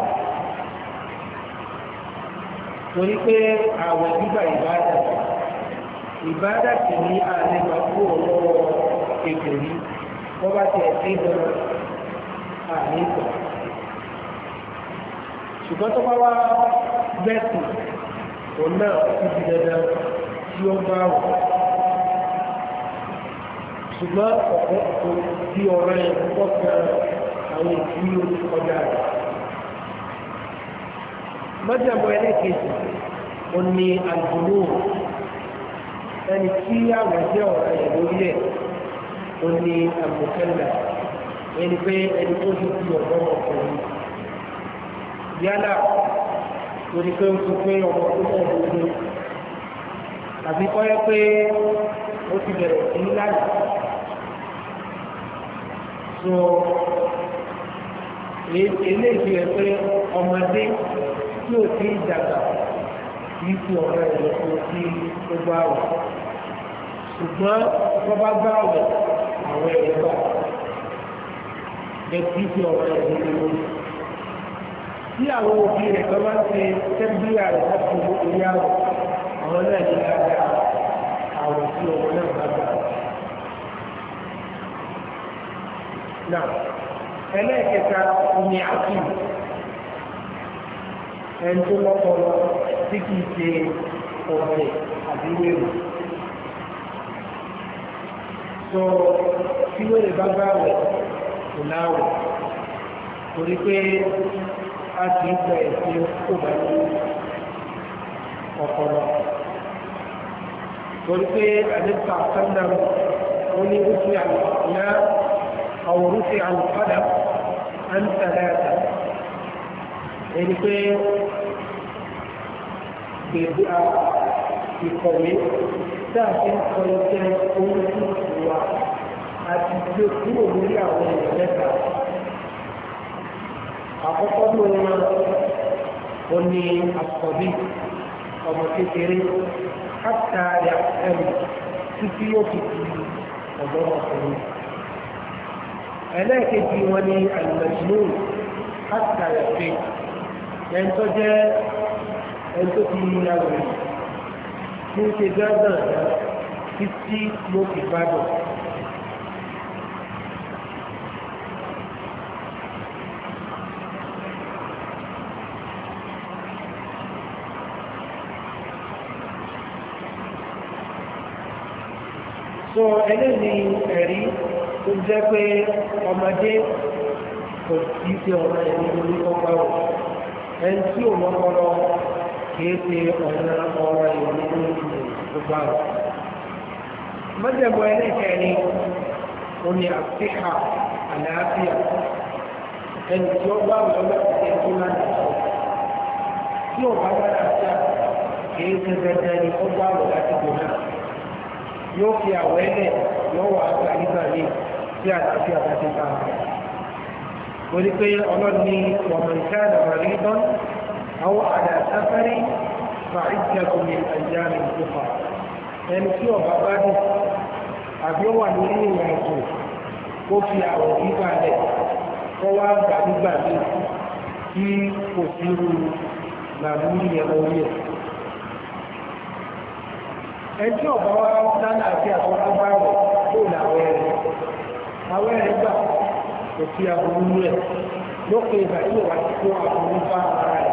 Speaker 1: torí pé àwọ̀ gbígbà ìbáàdà ìbáàdà sì ní àlẹ́ máa kú ọlọ́wọ́ kẹfẹ́ ní kọ́ bá tẹ̀ sí ìdánwò àní ìtọ̀ ṣùgbọ́n tó bá wá gbẹ̀sìn òun náà ti di dandan tí ó bá wọ̀ ṣùgbọ́n ọ̀pọ̀ tí ọ̀rọ̀ yẹn pọ̀ gan-an àwọn ìdílé kọjá rẹ̀. mọ́jàmbọ̀ ẹlẹ́kẹ̀ẹ́sì ó ní àgbòrò ẹni tí àwọn ẹgbẹ́ ọ̀rọ̀ ẹ̀ lórí ẹ̀ ó ní àgbòkẹ́là ẹni pé ẹni tó ti di ọ̀dọ́ ọkùnrin yálà lórí pé ó ti pé ọmọ tó pọ̀ lóde àbí kọ́ yẹ pé ó ti bẹ̀rẹ̀ sí láàyè eléyìí rẹ pé ọmọdé tí ò tí ì dàgbà kì í fi ọ̀rọ̀ ẹ̀ lọ sí ti gbogbo àwọ̀ ṣùgbọ́n bọ́bá gbá àwọ̀ àwọn ẹ̀rọ bá ẹ kì í fi ọ̀rọ̀ ẹ̀ gbogbo tí àwọn òbí rẹ̀ kan máa ń ṣe tẹ́bílì rẹ̀ láti orí àwọ̀ àwọn náà ní lára àwọ̀ tí ọmọ náà bá gbà ẹlẹ́ẹ̀kẹta ni àti ẹni tó lọ́pọlọ tí kìí ṣe ọ̀rẹ́ àbí wéèrè sọ tí wéèrè bá bá wẹ̀ kò láwẹ̀ torí pé a kìí gba ẹ̀sìn kó bá ní ọpọlọ torí pé àdébùkà sọ́ndà ó ní ó fi àwọn أو رفع القلم عن ثلاثة يعني في بدأ في قوله ساكن هو قلت أتذكر بلي أولي لك أقصد لنا قلني الصبي ọmọ kékeré حتى يحتمل في يوم ọ̀dọ́ ọkùnrin ẹlẹ́ẹ̀kejì wọn ni àlùmọ̀jìmọ̀ àtàrà pé ẹni tó jẹ́ ẹni tó ti yin àwòrán tí ń ṣe gángan títí mo fi gbádùn. sọ ẹlẹ́ni ẹ̀rí tó jẹ́ pé ọmọdé kò kì í ṣe ọ̀nà ẹ̀mí lórí ọgbà wò ẹni tí ò lọ́pọlọ kì í ṣe ọ̀nà ọ̀rọ̀ ẹ̀mí lórí ọgbà wò. mọ́jẹ̀bọ̀ ẹlẹ́kẹ̀rin ó ní àfihà àlàáfíà ẹni tí ó bá wọ lọ́pọ̀lọpọ̀ tó lánàá sọ tí ò bá wọ́n àṣà kì ṣe dandan ni ó bá láti gbò yóò fi àwọ̀ ẹlẹ̀ yóò wà nígbà yìí sí àlàáfíà bá ti sára mo ní pé ọlọ́run ní ọmọ ìka àdàmà rí tán àwọn àdà sáfárì fa ìjẹkùn ní àjà mi tó fà ẹni tí ọba bá dùn àbí ó wà lórí ìrìn àjò kó fi àwọn gbígbà lẹ̀ kó wá gbàgbígbà lẹ̀ kí kò sí irú làbúrí yẹn lórí ẹ̀ ẹjọ́ ọ̀bá wa lálàáfíà tó bá wọ̀ kó làwẹ̀ àwọn ẹgbà kò fi àbúrú rẹ̀ lópin ìgbà tí ìwà ti kó àbúrú bá ara rẹ̀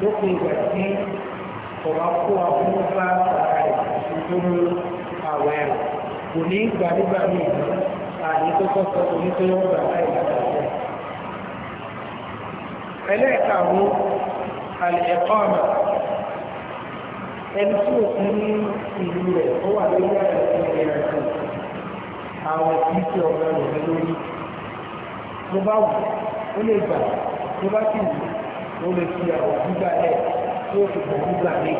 Speaker 1: lópin ìgbà tí ọ̀rọ̀ kó àbúrú bá ara rẹ̀ tó mú àwẹ̀ rẹ̀ kò ní gbà nígbà míì àní tó kọ́kọ́ onítorí ọgbà láì lágbàjẹ́ ẹlẹ́ẹ̀kàrún àlẹ́ẹ̀kọ́ọ̀mà ẹni tí òfin ìlú rẹ̀ ó wà lórí àìsàn ìrìnàjò àwọn kìí ṣe ọ̀rọ̀ rẹ̀ lórí tó bá wù ó lè gbà tó bá sì wù ó lè fi àwọn gbígbà ẹ̀ tó fi bọ̀ gbígbà lé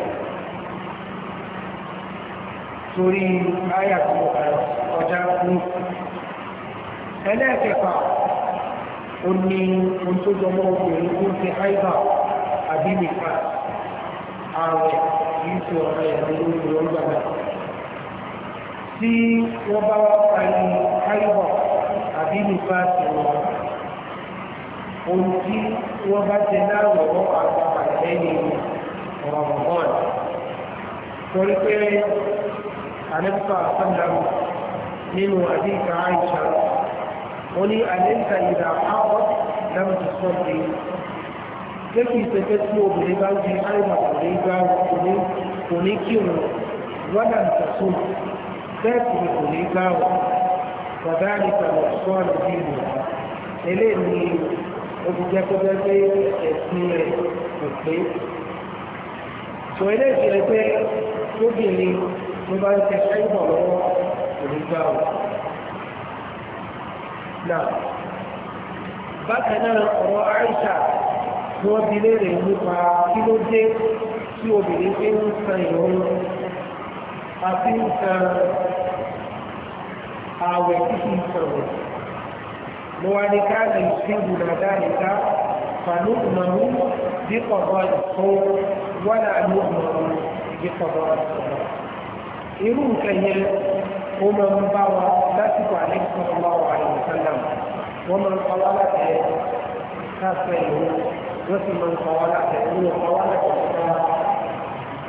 Speaker 1: torí àyà tó ọjà kú ẹlẹ́ẹ̀kẹfà ó ní ohun tó jọmọ́ obìnrin tó ń ṣe àìbà àbí nìkan ààrẹ kìí ṣe rẹ̀ lórí ìrọ̀lú tí wọ́n bá wá parí káyọ̀ àbí nípa ti wọn ohun tí wọ́n bá jẹ láwọ̀ àgbà lẹ́yìn rọ̀mọ̀bọ́ọ̀lù torí pé àlẹ́kùtà àtàndàmù nínú àdíkà àìsà ó ní àlẹ́kà ìdà àpọ̀ dámùtù sọ́ọ̀dì kéèkì ìṣẹ́fẹ́ tí obìnrin bá ń di àìmọ̀ kò ní kí òun wọ́n dà ń tẹ̀sùn bẹ́ẹ̀kì kò ní gbáwọ̀ bàbá ìtàlọ̀ sọ́ọ̀lù dìbò eléyìí olùjẹ́ tó bẹ́ pé ẹ̀sìn rẹ̀ kò pé tó eléyìí rẹ̀ pé lóbìnrin ló bá ń tẹ̀sí ìbọ̀ lọ́wọ́ kò ní gbáwọ̀ bákan náà ọ̀rọ̀ Aisha tí wọ́n bi léèrè nípa kí ló dé tí obìnrin fi ń san ìrọ̀rùn àti ń san ààwẹ̀ títí sọ̀rọ̀ mo wá ní káàdì ìṣègùn nàdá nìta pàlú ìmọ̀nú dípọ̀ bọ́ ìfọ́ wọ́n àlú ìmọ̀nú dípọ̀ bọ́ ìfọ́ irú nǹkan yẹn ó máa ń bá wa lásìkò àlẹ́kùn ọlá wa àyẹ̀sánná wọ́n máa ń pa wá láti ẹ̀ káfẹ́ ìlú wọ́n sì máa ń pa wá láti ẹ̀ wọ́n pa wá láti ẹ̀ ká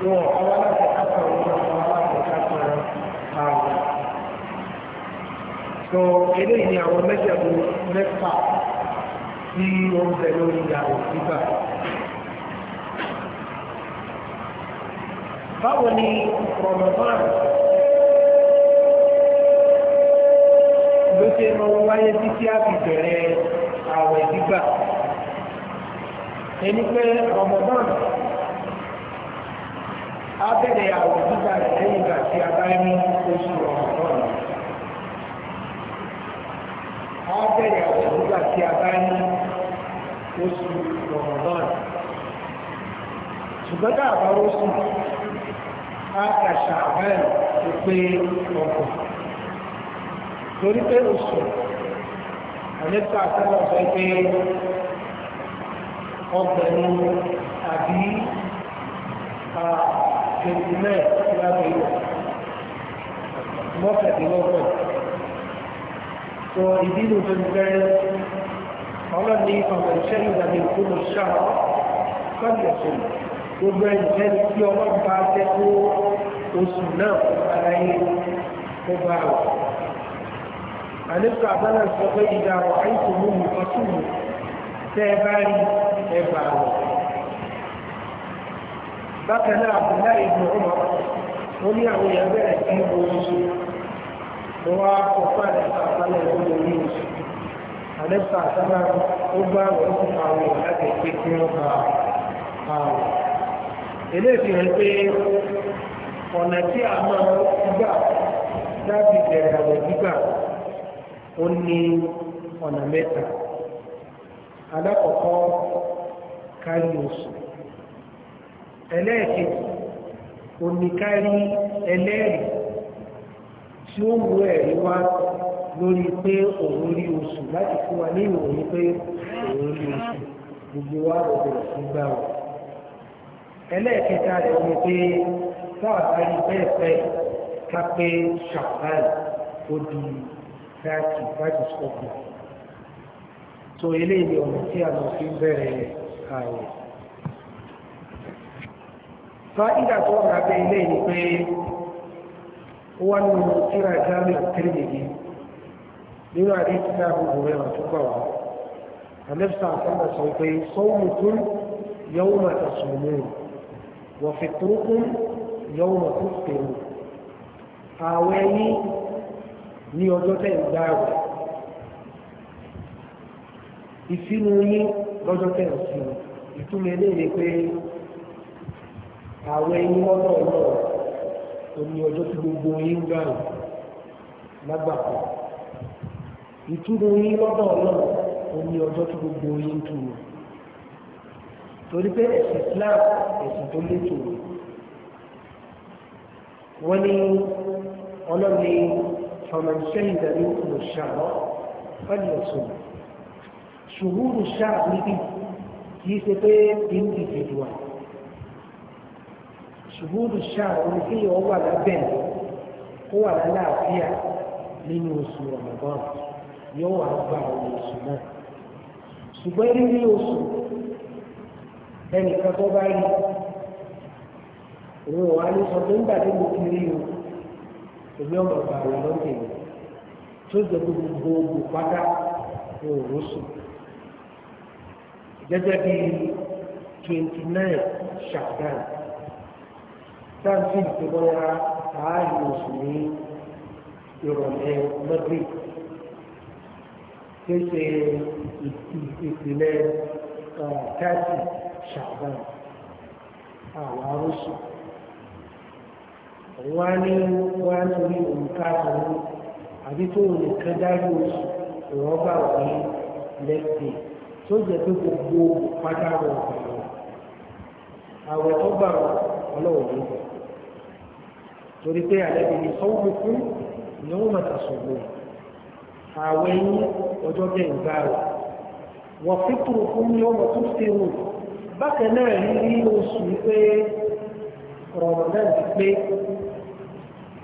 Speaker 1: wọ́n pa wá láti ẹ̀ káfẹ́ ìlú wọ́n pa wá láti ẹ̀ káfẹ́ ìlú sọ eléyìí ni àwọn mẹ́jẹ̀bù mẹ́fà tí ó ń bẹ lórí ìyàwó gbígbà. báwo ni rọmọbọ́n ló ṣe mọ wáyé títí a fi bẹ̀rẹ̀ àwẹ̀ gbígbà ẹni pé rọmọbọ́n á bẹ̀rẹ̀ àwẹ̀ gbígbà lẹ́yìn ìgbà tí a bá ní oṣù rọmọbọ́n á bẹ̀rẹ̀ àwẹ̀ tí a bá ní oṣù rọ̀mọ̀dán ṣùgbọ́n tá a bá oṣù á ka ṣàbáyé tó pé ọkọ̀ torí pé oṣù àlẹ́tọ́ àtẹ́lẹ̀ ọ̀sẹ̀ pé ọgbẹ̀rún àbí twenty nine lábẹ́ ìwọ̀ mọ́kàndínlọ́gbọ̀n. ويزيد في البلد قال لي فمن شهد منكم الشهر فليصم gbogbo ẹnìkan tí ọmọ bá tẹ́kú oṣù náà kò bára yín kó bá wà. àníkà àbálà sọ pé ìdá àwọn àìsàn mú mi kọtù mi tẹ́ ẹ bá rí ẹ bá wà. bákan náà àbúlá ìgbìmọ̀ ọmọ ó ní àwọn èèyàn bẹ̀rẹ̀ sí oṣù mo wá kọ fún àdẹ́sà àtàlẹ̀ ìlú orí oṣù àdẹ́sà àtàlẹ̀ ó bá wọn fún àwọn ìlàjẹ pé kí wọ́n bá àwọn. eléyìí fi hàn pé ọ̀nà tí a máa gbà láti bẹ̀rẹ̀ àwọn gbígbà ó ní ọ̀nà mẹ́ta alákọ̀ọ́kọ́ kárí oṣù ẹlẹ́ẹ̀kejì oníkárí ẹlẹ́rìí tí ó wú ẹ̀rí wá lórí pé òun rí oṣù láti fún wa ní ìròyìn pé òun rí oṣù gbogbo wa bẹ̀rẹ̀ sí gbà wọ̀. ẹlẹ́ẹ̀kẹta rẹ̀ ni pé sáàbà rí bẹ́ẹ̀ fẹ́ ká pé ṣàbáì ó di thirty
Speaker 2: five ọgbọ̀n.
Speaker 1: so eléyìí ni ọ̀nà tí a lọ fi ń bẹ̀rẹ̀ ààrẹ. fa ìdàgbọ́ ọ̀rọ̀ abẹ́ ilé ni pé ó wá nínú kíra jáde tẹ́lẹ̀mìdì nínú àdéhùn náà gbogbo rẹ̀ tó gbà wá àlẹ́fisà àtàlà sọ pé sọ́wọ́mùkún yóò máa tẹ̀sùnmù wọ́n fi turukún yóò máa tún pèrò àwọn ẹ̀yìn ní ọjọ́ tẹ̀ ń gbà rẹ̀ ìsínú yín lọ́jọ́ tẹ̀ ń sinmi ìtumọ̀ eléyìí pé àwọn ẹ̀yìn lọ́dọ̀ náà ó ní ọjọ́ tí gbogbo yín gbà rẹ̀ lágbàpọ̀ ìtúnu yín lọ́dọ̀ ọlọ́run ó ní ọjọ́ tí gbogbo yín túnu torí pé ẹ̀sìn Islam ẹ̀sìn tó létò wọ́n ní ọlọ́run ní فمن شهد منكم الشهر فليصم شهور الشهر níbi kì í ṣe pé individual ṣùgbọ́n olùṣàá òun kí yọ wà lábẹ́ ó wà lálàáfíà nínú oṣù Ramadan yóò wà gba àwọn oṣù náà ṣùgbọ́n rírí oṣù ẹnìkan tó bá rí òun ò ní sọ nígbà tí mo ti rí o èmi ọmọ sáǹtì ìgbébọ́yà ààyè oṣù ní ìrọ̀lẹ́ madrid tí ó ṣe ìpìlẹ̀ káàtì ṣàbàn àwọn arúṣù wọ́n á ní wọ́n á torí òǹkà àtọ̀rọ̀ àbí tó o lè kán dájú oṣù ìrọ́bà wọ́n lẹ́sìn tó jẹ́ pé gbogbo pátá rọ̀ ọ̀gbà rọ̀ àwẹ̀ ọlọ́wọ́ ló gbà torí pé àlẹ́bí ni sọ́wọ́ fún ni wọ́n máa tàṣọ̀gbọ́ àwọn ẹ̀yìn ọjọ́ bẹ́ẹ̀ ń gbá rẹ̀ wọ́n fítùrù fún ni wọ́n tún fi rò bákan náà rí rí oṣù pé rọ̀rọ̀ náà ti pé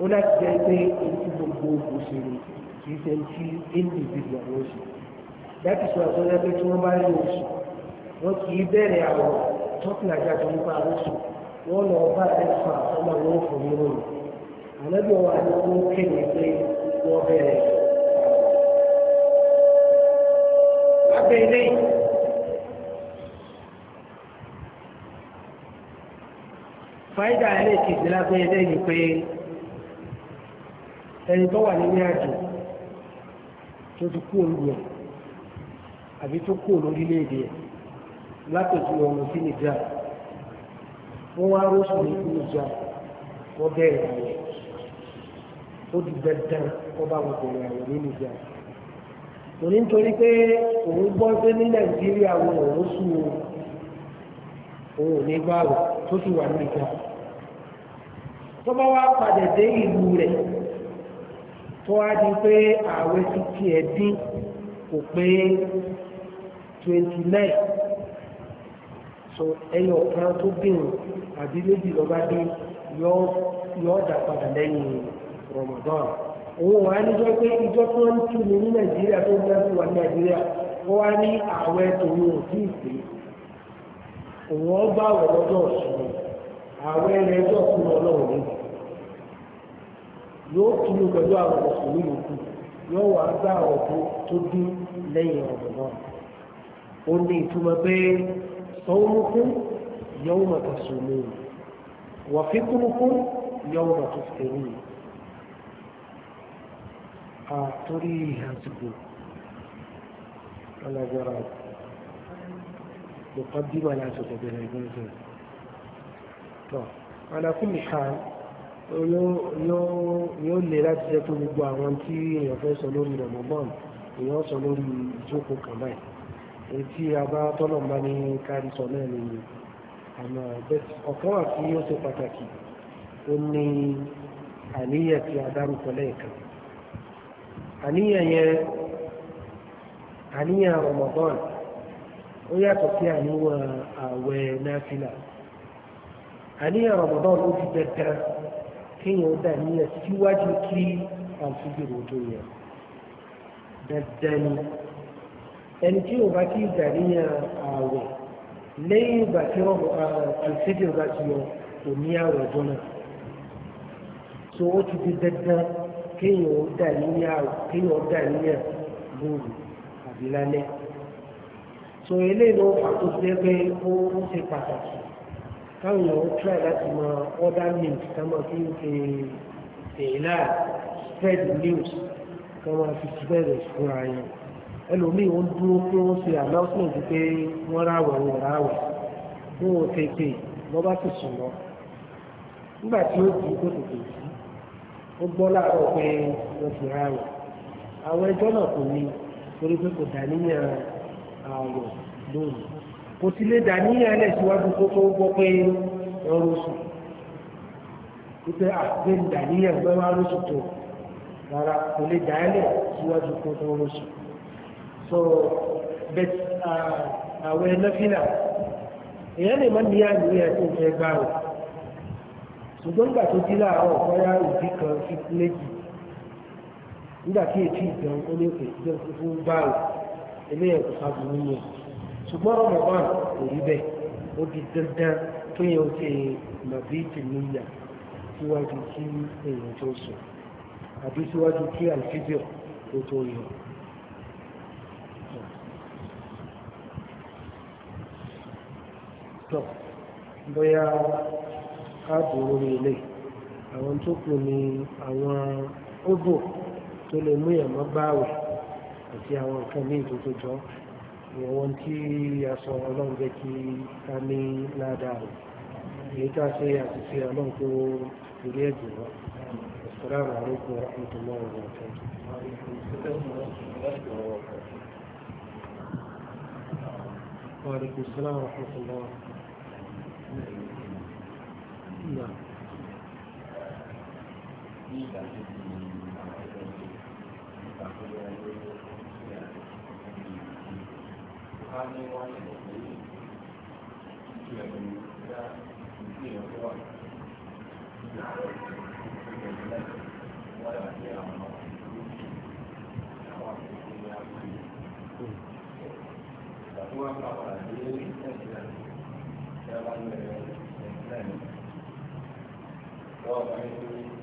Speaker 1: ó láti jẹ́ pé ojú gbogbo òṣèlú kì í ṣe ti individual oṣù láti sọ àtọ́jọ́ pé tí wọ́n bá rí oṣù wọ́n kì í bẹ̀rẹ̀ àwọn tọ́kìlà jáde nípa oṣù wọ́n lọ bá ẹ̀fà ọmọ ìwọ̀n fún mi ànábì wọn àti wọn kéde pé wọn bẹ̀rẹ̀. lábẹ́ ilé yìí. fàídà ẹlẹ́ẹ̀kejì lábẹ́ ilé yìí pé ẹni tó wà nínú àjò tó ti kú olùgbò àbí tó kú olórílẹ̀-èdè látòjú ọmọ sí nìjà wọ́n wá rọ́ṣùn ní nìjà wọ́n bẹ̀rẹ̀ ó di dandan kó bá wọn bẹ̀rẹ̀ àwẹ̀ nínú ìjà kò ní torí pé òun gbọ́ pé ní nàìjíríà wọn òun sùn òun ò ní gbà wọ̀ tó sì wà ní ìjà tó bá wá padà dé ìlú rẹ̀ tó wá di pé àwẹ̀ ti tiẹ̀ dín kò pé twenty nine so ẹyọ kan tó bìrùn àbí méjì lọ́ba dín yọ ọ́ dà padà lẹ́yìn rẹ̀. Ramadan òun wà níjọ́ pé ìjọ tó ń tu mi ní Nàìjíríà tó ń lẹ́sìn wà ní Nàìjíríà ó wá ní ààwẹ̀ tòun ò tí òun ọgbà wọ̀ lọ́jọ́ ẹjọ́ yóò pẹ̀lú àwọn yóò wá tó dín lẹ́yìn náà ó ní ìtumọ̀ pé sọ́wọ́mùkún àtórí àsìkò alágbára lọ́pàá díwà láti ọ̀tọ̀ bẹ̀rẹ̀ ìgbọ́n ìfẹ́ tọ́ alákùnrin kan yóò lè láti jẹ́ tó gbogbo àwọn tí èèyàn fẹ́ sọ lórí rọ̀mọ́bọ́n èèyàn sọ lórí ìjókòó kan báyìí ètí àbá tọ́lọ̀ bá ní kárí sọ náà ni àmọ́ ọ̀kan wà tí ó ṣe pàtàkì ó ní àníyàn tí a dárúkọ lẹ́ẹ̀kan àníyàn yẹn àníyàn Ramadan ó yàtọ̀ sí àníwọ̀n ààwẹ̀ náfìlà àníyàn Ramadan ó fi dandan kéèyàn ó dà níyàn síwájú kí àǹfíjìrò tó yẹ dandan ni ẹni tí ò bá ti dà níyàn ààwẹ̀ lẹ́yìn ìgbà tí àǹfíjìrò bá ti yọ kò ní jọ náà so ó ti di dandan kéèyàn ó dà níyà kéèyàn ó dà àbí lálẹ́ so eléyìí ló fà tó ṣe pé ó ń ṣe pàtàkì káwọn èèyàn try láti mọ order news, ká máa fi ń ṣe èèlà spread news ká máa spread bẹ̀rẹ̀ fúnra yẹn ẹlòmíì ó dúró pé ó ṣe announcement pé wọ́n ráwọ̀ wọ́n ráwọ̀ wọ́n ò tètè lọ́ba sùn lọ nígbà tí ó di kó tètè sí ó gbọ́ láàárọ̀ pé wọ́n ti ra àwẹ̀ àwọn ẹjọ́ náà kò ní torí pé kò dàníyàn àwọ̀ lónìí kò sí lè dàníyàn ẹlẹ́ síwájú kó tó gbọ́ pé wọ́n lóṣù wípé àgbẹ̀ ń dàníyàn pé wọ́n lóṣù tó rárá kò lè dà ẹlẹ́ síwájú kó tó lóṣù so bet àwẹ̀ nọ́fìlà èèyàn lè má ní àníyàn tó fẹ́ gbà rẹ̀ ṣùgbọ́n nígbà tó jí láàárọ̀ ọ̀fọ́yá òbí kan sí méjì nígbà tí ètí ìdán ó ní òkè ìdán fún báàrù eléyàn kò sábà ní yẹn ṣùgbọ́n ọmọ bá kò rí bẹ́ẹ̀ ó di dandan tó yẹ ó ṣe màbí tìmíyà síwájú kí èèyàn tó sùn àbí síwájú kí àlùfíbíọ̀ tó tó yọ. Tọ́ bóyá káàbù lórí ilé àwọn tó kù ni àwọn óbò tó lè mú ìyàmọ́ báwẹ̀ àti àwọn nǹkan ní ìtòtò jọ ìwọ̀n tí a sọ ọlọ́run jẹ́ kí a ní ládàá rẹ̀ èyí tá a ṣe àṣìṣe ọlọ́run tó orí ẹ̀jẹ̀ wa assalamu alaikum wa rahmatullahi wa وعليكم السلام ورحمة الله 嗯，呃，一百斤拿一个，然后呢，
Speaker 2: 一百斤，他那玩意儿不一样，人家一百多，一百斤，一百斤那多呀，一百斤，
Speaker 1: 一百斤那多呀，一百斤，一百斤，嗯，那不管啥玩意儿，你弄起来，只要把你那个弄在里。Ẹ̀kùnrin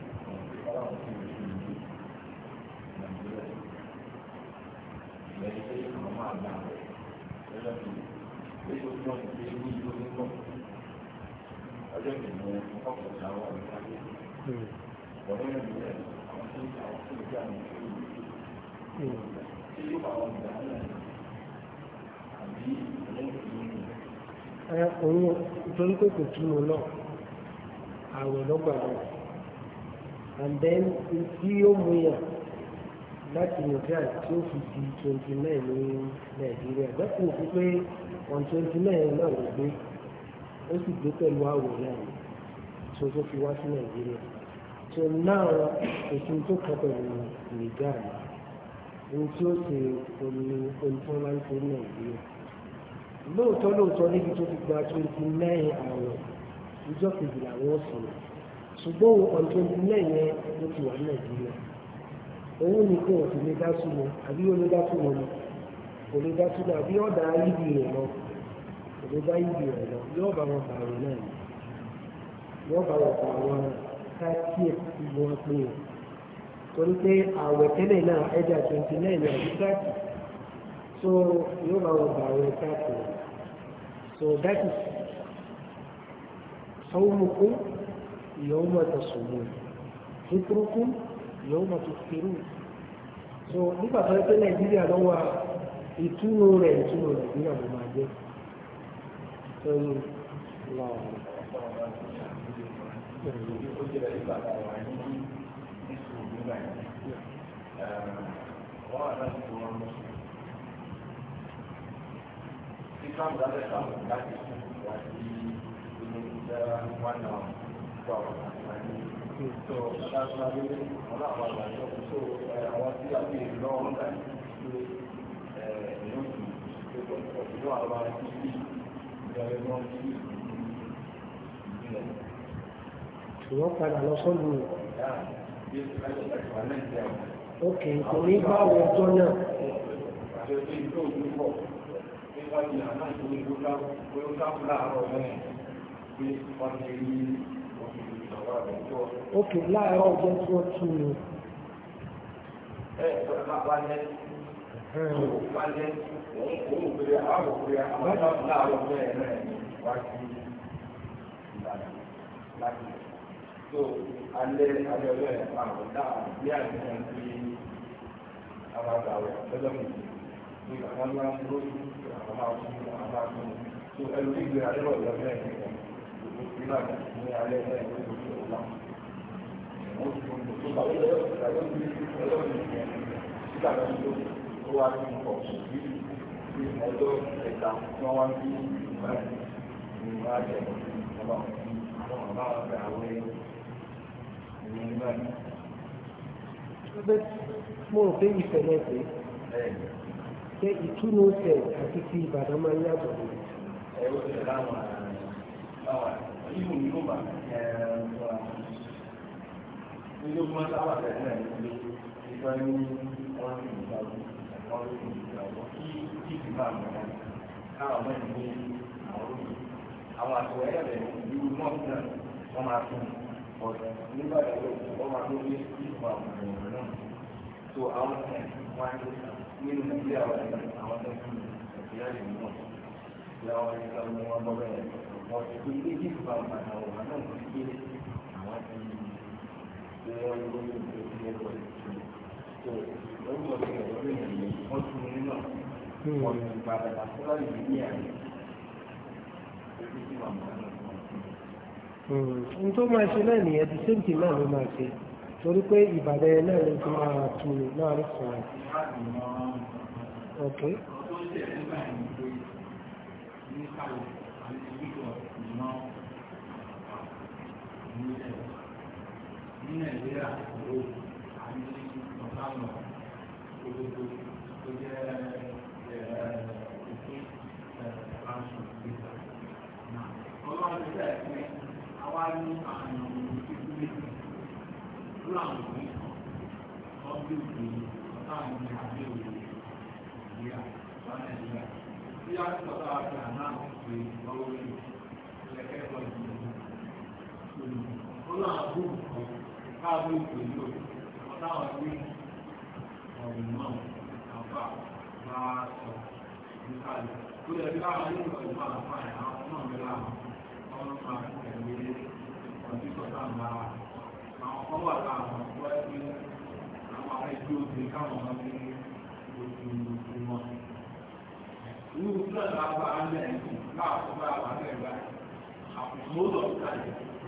Speaker 1: torí pé kò túnmọ̀ náà àwẹ̀ lọ́gbàgbọ́ and then tí ó mú yàn láti Nigeria tí ó fi di twenty nine ní Nàìjíríà lọ́pọ̀ òfin pé on twenty nine náà ló gbé ó sì gbé pẹ̀lú àwẹ̀ náà tó tó fi wá sí Nàìjíríà so now òfin tó kọ pẹ̀lú Nigeria ohun tí ó ṣe olùfọ́nmáńtò Nàìjíríà lóòótọ́ lóòótọ́ níbi tó ti gba twenty nine àwẹ̀ ìjọ kejì làwọn sọnù ṣùgbọ́n ọ̀dọ́ ilé yẹn ló ti wà nàìjíríà owó nìkan ò sì lè dá sí wọn àbí ó lè dá sí wọn ni kò lè dá sí wọn àbí ọ̀dà ibi rẹ̀ lọ kò lè dá ibi rẹ̀ lọ yóò bá wọn bàrọ̀ náà ni yóò bá wọn bá wọn káàkiri ìwọ̀n pé yẹn torí pé àwẹ̀ tẹ́lẹ̀ náà ẹja twenty nine àbí thirty so yóò bá wọn bàrọ̀ káàkiri so that is صومكم يوم تصومون فطركم يوم تفطرون so nígbà tó ẹgbẹ́ nàìjíríà lọ́wọ́ ìtúnú rẹ̀ ìtúnú rẹ̀ nígbà tó máa jẹ́ ẹ̀rù làwọn. Ìfàmùdálẹ̀ sàmùdálẹ̀ sàmùdálẹ̀ ṣùgbọ́n padà lọ sọ́dún rẹ̀. ok kò ní bá àwọn ọjọ́ náà. Àwọn ọmọ ìlú náà ń bọ̀ nípa ìlànà ìlú láàárọ̀ mẹ́rin. ok láàárọ̀
Speaker 2: ọjọ́ tí wọ́n tún ní. So, alẹ́ alẹ́ ọjọ́ ẹ̀ máa wọ̀ dáa bí àìsàn ń pè é àbájáwẹ̀
Speaker 1: lọ́jọ́ kejì ní àwọn máa ń lóyún àwọn máa ń fún mo rò pé ìfẹ̀lẹ́ pé ṣe ìtúnú tẹ̀ àti ti Ìbàdàn máa ń yàtọ̀. ẹ̀rọ ìlú ní Yorùbá ní ló máa sábà tẹ̀lé ẹ̀ ní ìgbà ní wọ́n ti gbà wọ́n wọ́n ti gbà wọ́n kí kí ti bá àwọn ọ̀rẹ́ káwọn ọmọ ẹ̀ ní àwọn olùkọ́ àwọn àtọ̀ ẹ̀yẹ̀ rẹ̀ ìlú mọ́ọ̀tì náà wọ́n máa fún ọ̀rẹ́ nígbà yàtọ̀ wọ́n máa tó gbé kí ìgbà àwọn ọ̀rẹ́ náà tó àwọn ẹ̀ wọ́n á ní nínú ilé àwọn ẹ̀ àwọn ẹ̀ fún ìyá ìlú náà ìyá
Speaker 2: àwọn ẹ̀ ọ̀sẹ̀ tó gbé jésù náà nìyẹn ti gba n tó náà
Speaker 1: ló máa ṣe torí pé ìbàdàn ẹ̀ náà ló ti máa tu láàárín sọ̀rọ̀.
Speaker 2: Okay. ní nàìjíríà ìlú àní ọ̀sánà òdodo tó jẹ́ ìpín ìpàṣẹ ìgbà náà ọlọ́run ti dà pé àwa ní àwọn ọmọ ìdílé lórí àwọn òbí ọdún ìgbìyànjú ọ̀sán ní abẹ́ òwe nàìjíríà wà nàìjíríà bí a ti sọ̀rọ̀ àti àná òkè lọ́wọ́ ìlú ẹ̀kẹ́ lọ́wọ́ ìlú ó náà gún kan káàbọ̀ ìpínlẹ̀ táwọn ní ọ̀rùn náà àbá bá sọ níkàlẹ̀ ó yẹ kí láwọn ní ọ̀rùn náà àbá àwọn náà mẹ́ra àwọn ọmọ ẹ̀mí ọdún sọ̀tà máa
Speaker 1: àwọn kan wà láwọn ọ̀pọ̀ ẹgbẹ́ àwọn ará ẹgbẹ́ obìnrin káwọn ọmọ ní
Speaker 2: ojú wọn.
Speaker 1: Irú náà lábàá lẹ́yìn láàbùkù àbálẹ̀ báyìí àpòmọ́lọ̀ ìtàjẹ̀.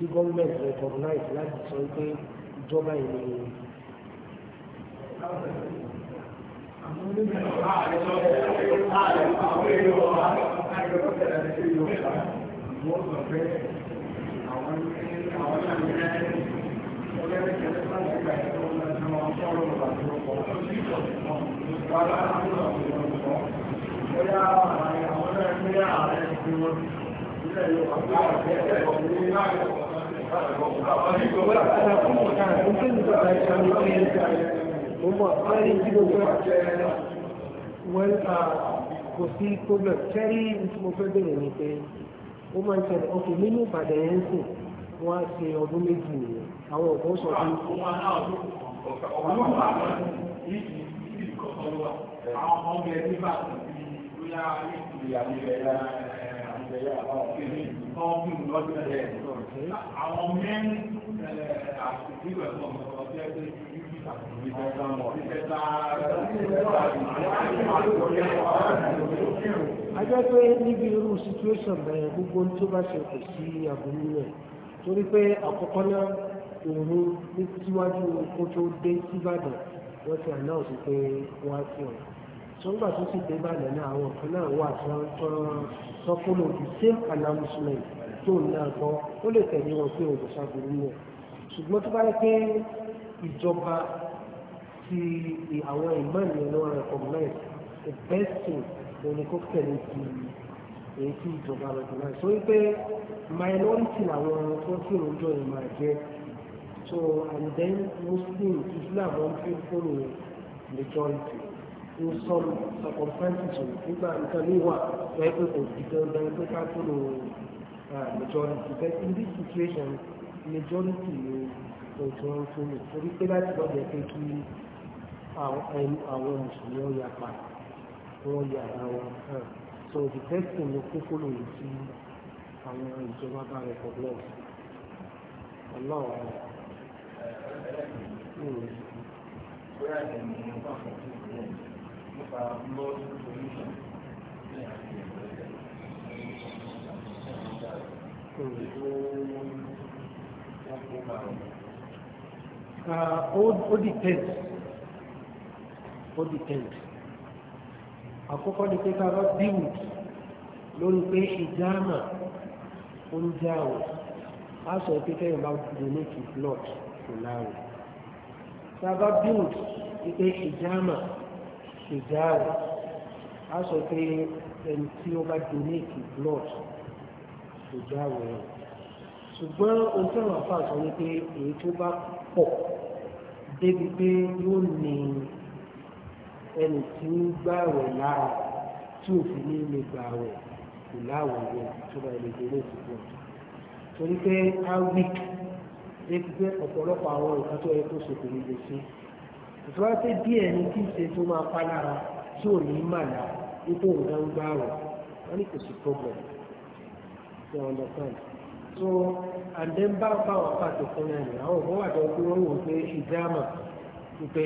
Speaker 1: tí gọ́ọ̀mẹ̀ntì recognize láti sọ pé ìjọba ìlú Thank you wọ́n kò sí problem kẹ́rí tí mo fẹ́ ní pé ó máa ń tẹ̀lé ọkùn nínú Ìbàdàn yẹn sì wọ́n á ṣe ọdún méjì nìyẹn àwọn ọ̀pọ̀ sọ pé àwọn ọmọ ẹgbẹ́ bá ti rí bóyá ní ìpìlẹ̀ àti ìrẹ̀lẹ̀
Speaker 2: Àwọn mẹ́rin àti ìgbẹ̀kọ́ ọ̀pọ̀ ọ̀pẹ́ ẹgbẹ́ Ajẹ́
Speaker 1: pé níbi irú situation bẹ̀rẹ̀ gbogbo tó bá ṣe kò sí àbúrú rẹ̀ torí pé àkọ́kọ́ náà òru ní síwájú kó tó dé síbàdàn wọ́n ti àná òsì pé wọ́n á sí ọ̀rọ̀ sọ́gbà tó sì débà lẹ́nà àwọn kan náà wà sọ́kúnlò the same announcement tó náà gbọ́ ó lè tẹ̀lé wọn pé olùṣàgbèrè mọ̀ ṣùgbọ́n tó bá yẹ pé ìjọba ti àwọn ìmọ̀lẹ̀ náà recommend the best thing òní kó tẹ̀lé ti èyí tí ìjọba recognize so wípé minority làwọn tó ń fìrò jọ yẹn máa jẹ so and then muslim islam wọn fi ń fọ́lọ̀ majority tí ó sọ̀rọ̀ circumference nígbà nǹkan ní wà pé pé kò pé ká tó lò majority but in this situation majority ni òtún fún mi torí pé láti lọ jẹ pé kí àwọn mùsùlùmí ó yapa wọn yà ara wọn hàn so the best thing ni kókó lòun sí àwọn ìjọba bá rẹ pọ̀ lọ́wọ́ ọlọ́wọ́ rẹ̀. Hmm. Uh, ó depend ó depend àkọ́kọ́ ni pé ká bá bíwù lórí pé ìdáàmà ó ń o ọ̀ á sọ pé kẹ́yìn bá donate blood kò láàrú ká bá bíwù pé ṣèjáàrẹ̀ a sọ pé ẹni tí ó bá donate blood ṣèjáàrẹ̀ rẹ̀ ṣùgbọ́n ohun tí àwọn àfáà sọ ni pé èyí tó bá pọ̀ débi pé yóò ní ẹni tí ń gbààwẹ̀ lára tí òfin ní lè gbààwẹ̀ kò láwọ̀ tó bá lè donate blood torí pé a wík débi pé ọ̀pọ̀lọpọ̀ àwọn nǹkan tó ṣe kò ní lè ṣe tó wá pé díẹ̀ ni kí ṣe tó máa pa lára tí ò ní mà lá nípò òun dáhùn gbá rọ̀ wọ́n ní kò sí problem ṣe ọ̀nà kan so and then bá bá wà pàtó fún náà ni àwọn òun wà tó kí wọ́n wò pé ìdáàmà pé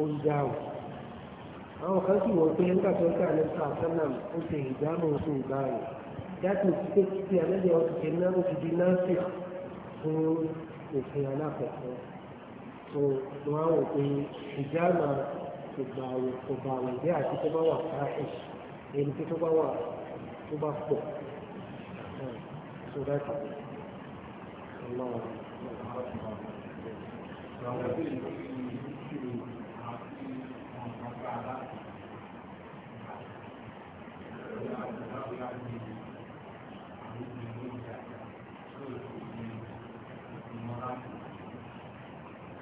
Speaker 1: ó ń dáhùn àwọn kan sì wọ́n pé nígbà tó ń kà lẹ́sà sálàm ó ṣe ìdáàmà oṣù ìgbà rẹ̀ yàtọ̀ sí pé títí àlejò ọ̀sẹ̀ náà ó ti di náà sí fún òfin alákọ̀ọ́kọ́ so wọn á wò pé ìjàmà kò gbà àwò kò gbà àwò ìdí àti tó bá wà káàkiri ẹni tí tó bá wà tó bá pọ̀ so that's it. Allah. Thank you.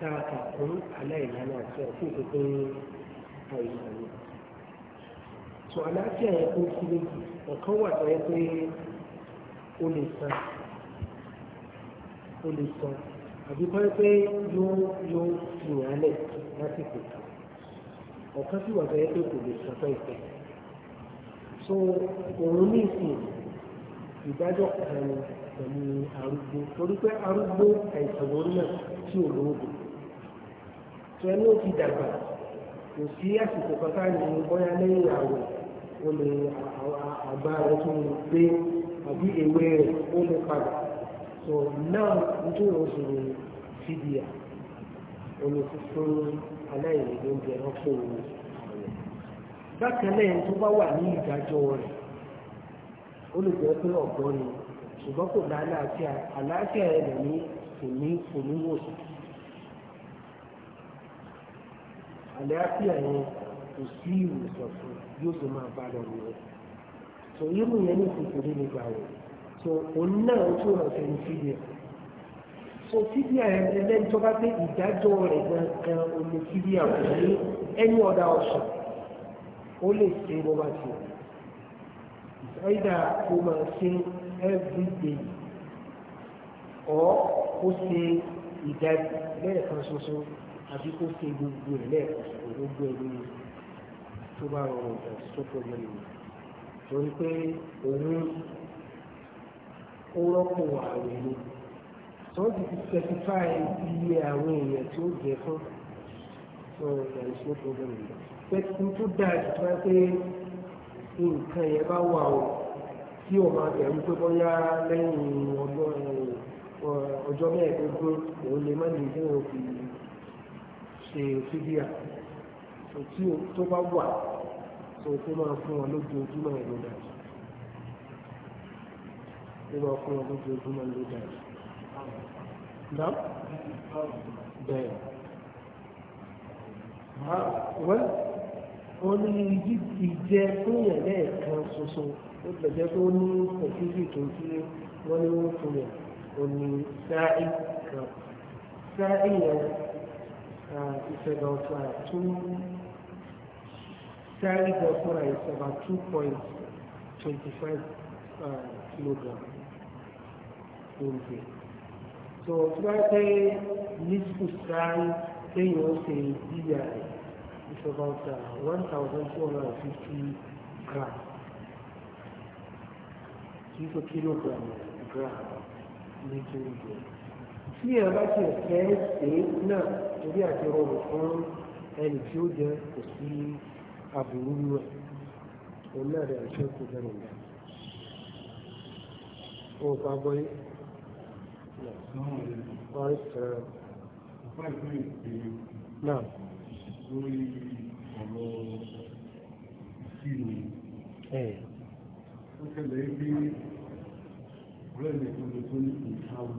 Speaker 1: tààtà fún aláìlànà àti ọ̀fún tuntun àìsàn yìí. sọ aláàfíà yẹn kó sí méjì ọ̀kan wà tó yẹ pé ó lè san ó lè san àbí kọ́ so òun ní ìsìn ìdájọ́ kan pẹ̀lú arúgbó torí pé arúgbó àìsàn orí náà tí ò lóògùn. ẹni ó ti dàgbà kò sí àsìkò kọta ní bóyá lẹ́yìn àwẹ̀ ó lè àgbà rẹ̀ tó lè gbé àbí ewé rẹ̀ ó lè padà so náà nítorí oṣù rẹ̀ fìdíà olùfúnfún aláìní ń bẹ ọkọ òun bákan tó bá wà ní ìdájọ́ rẹ̀ ó pé ọ̀gbọ́n ni ṣùgbọ́n kò ní wòsàn. àlàáfíà yẹn kò sí ìwòsàn fún yóò tó máa bá lọ nìyẹn so irú yẹn ní kékeré nígbà wọ so òun náà tó hàn sẹ́ni fídíà so fídíà yẹn ẹlẹ́ni tó bá pé ìdájọ́ rẹ̀ gan-an omi fídíà kò ní ẹni ọ̀dà ọ̀sán ó lè ṣe bó bá ti wọ̀ either kó máa ṣe everyday or kó ṣe ìdájọ́ lẹ́ẹ̀kan ṣoṣo àbí kó ṣe gbogbo ẹ̀ lẹ́ẹ̀kan gbogbo ẹ̀ lórí tó bá rọrùn ẹ̀ tó pọ̀ lórí mi torí pé òun ó rọ́pò ààrẹ ni tó ti ti specify iye àwọn èèyàn tí ó jẹ fún so there is no problem with that pẹ̀tù tó dáa jù tó pé nǹkan yẹn bá wà ó tí o máa bẹ̀rù pé bóyá lẹ́yìn ọjọ́ mẹ́ẹ̀ẹ́dógún òun lè má lè dé òfin ṣe fídíà tí tó bá wà tó kó máa fún wọn lójoojúmọ́ ẹ̀ ló dájú kó máa fún wọn lójoojúmọ́ ẹ̀ ló dájú.
Speaker 2: Dá? Bẹ́ẹ̀. Ah, wọ́n
Speaker 1: ó ní ìjẹ fún yẹn lẹ́ẹ̀kan ṣoṣo ó gbẹ̀jẹ́ tó ní òfíìsì tó ń fi wọ́n ní wọ́n fún yẹn ó ní sáà ìkan sáà ìyẹn. Uh, it's about uh, two, size of fora is about 2.25 uh, kilogram Okay. weight. So tí say, this nísìkú sáyé Then you ṣe bíyà rẹ̀ it's about uh, 1,250 gram. Kìí ṣe kilogram gram ní kí tí ẹ bá ti ẹ̀fẹ́ ṣe náà torí àti rọrùn fún ẹni tí ó jẹ kò sí
Speaker 2: àbúrú rẹ̀ òun náà rẹ̀ ṣe kò bẹ̀rẹ̀ ìgbà ó bá gbọ́ yé náà lórí ọ̀rọ̀ sí ni ó ṣẹlẹ̀ bí ọ̀rẹ́ mi tó lè tó ní ìṣàwọn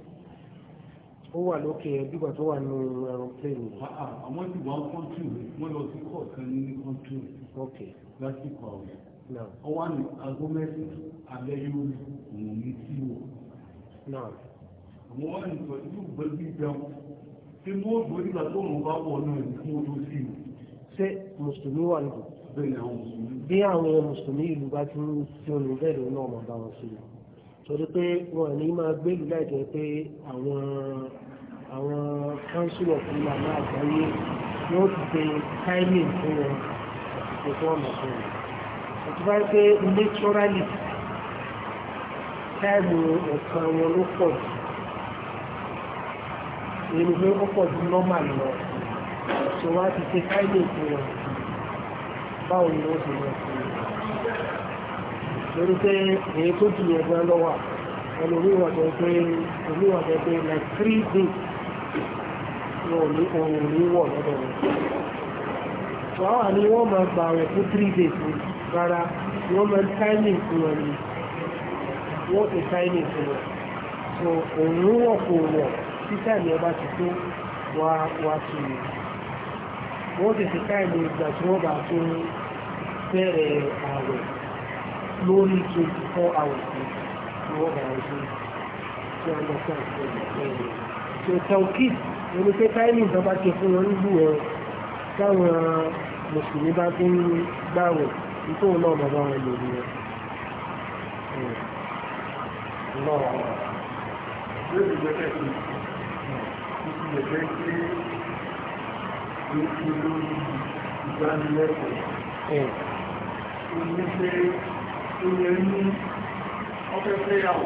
Speaker 1: ó wà lókè ẹ̀ bí gbàtọ́ wà ní aeroplane.
Speaker 2: àwọn ìlú wa kọ́ńtù wọ́n lọ sí kọ̀ọ̀kan ní kọ́ńtù lásìkò àwẹ̀. ọwọ́ ni aago mẹ́sì alẹ́ yóò wọ̀n ní sí wọ̀. àwọn ìtọ́ yóò gbé gbígbẹ́ wọn tí mo gbé nígbà tó ń bá wọ̀ náà ní fún ojú sí i.
Speaker 1: ṣé mùsùlùmí wà nù. bí àwọn mùsùlùmí ìlú bá ti ń tí omi bẹ́ẹ̀ lóun náà mọ̀ bá wọn sí i torí pé wọn ní máa gbé ìlú láì jẹ́ pé àwọn àwọn council of ulama àgbáyé yóò ti pe timing fún wọn ètò ọ̀nà fún wọn àti báyìí pé naturally time ọ̀sán wọn ló pọ̀ jù èrò pé ó pọ̀ jù normal lọ so wá ti pe timing fún wọn báwo ni wọ́n ti lọ sí i lórí pé èyí tó jù yẹn gan lọ́wọ́ ẹlòmíràn pé ẹlòmíràn pé like three days òun ní wọ̀ lọ́dọ̀ wọn wàhálà ni wọ́n máa gbà rẹ̀ fún three days rárá wọ́n máa timing fún wọn ni wọ́n ti timing fún wọn so òun ní wọ̀ kò wọ̀ títà ní ọba ti tó wá wá sí i wọ́n ti ti timing ìgbà tí wọ́n bá tó bẹ̀rẹ̀ ààrẹ̀ lórí twenty four hours ni wọ́n bá rí sí i tí wọ́n lọ sí àti ẹ̀yìn ẹ̀yìn so ẹni pé táìmì ìjọba ti fún wọn níbù ẹ táwọn mùsùlùmí bá fi ń gbàwẹ̀ ikú náà bàbá wọn lòdì rẹ. Ìgbàlélẹ́kọ̀ọ́. Hmm. Oníṣẹ́ hmm. onírin ọ̀fẹ́fẹ́ yàwó.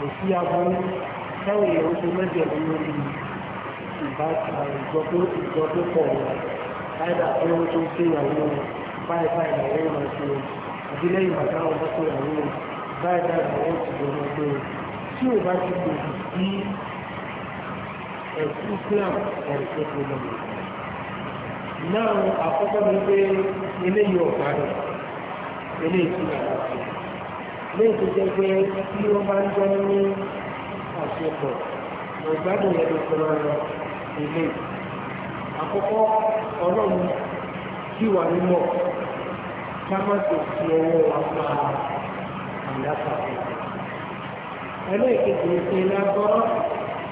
Speaker 1: kò sí aburú táwọn èèyàn ṣe mẹ́jẹ̀mú lórí ìgbọ́dọ̀pọ̀ wọn láìdá pé wọ́n tó ṣèyàwó báyìí báyìí làwọn máa ṣe ìdílé ìgbàgbá wọn bá ṣèyàwó báyìí báyìí làwọn ti jọ wọn pé tí ò bá ti lòdì sí ẹ̀sùn Islam ẹ̀sùn tó lọ. náà àkọ́kọ́ ni pé lẹ́yìn tó jẹ́ pé tí wọ́n bá ń jọ ní àṣepọ̀ ìgbádùn yẹn ló fẹ́ràn lọ ilé àkọ́kọ́ ọlọ́run kí wà nínú ká má tó fi ọwọ́ wa pa àyàfà ẹlẹ́ẹ̀kejì ní pé lágbọ́rọ́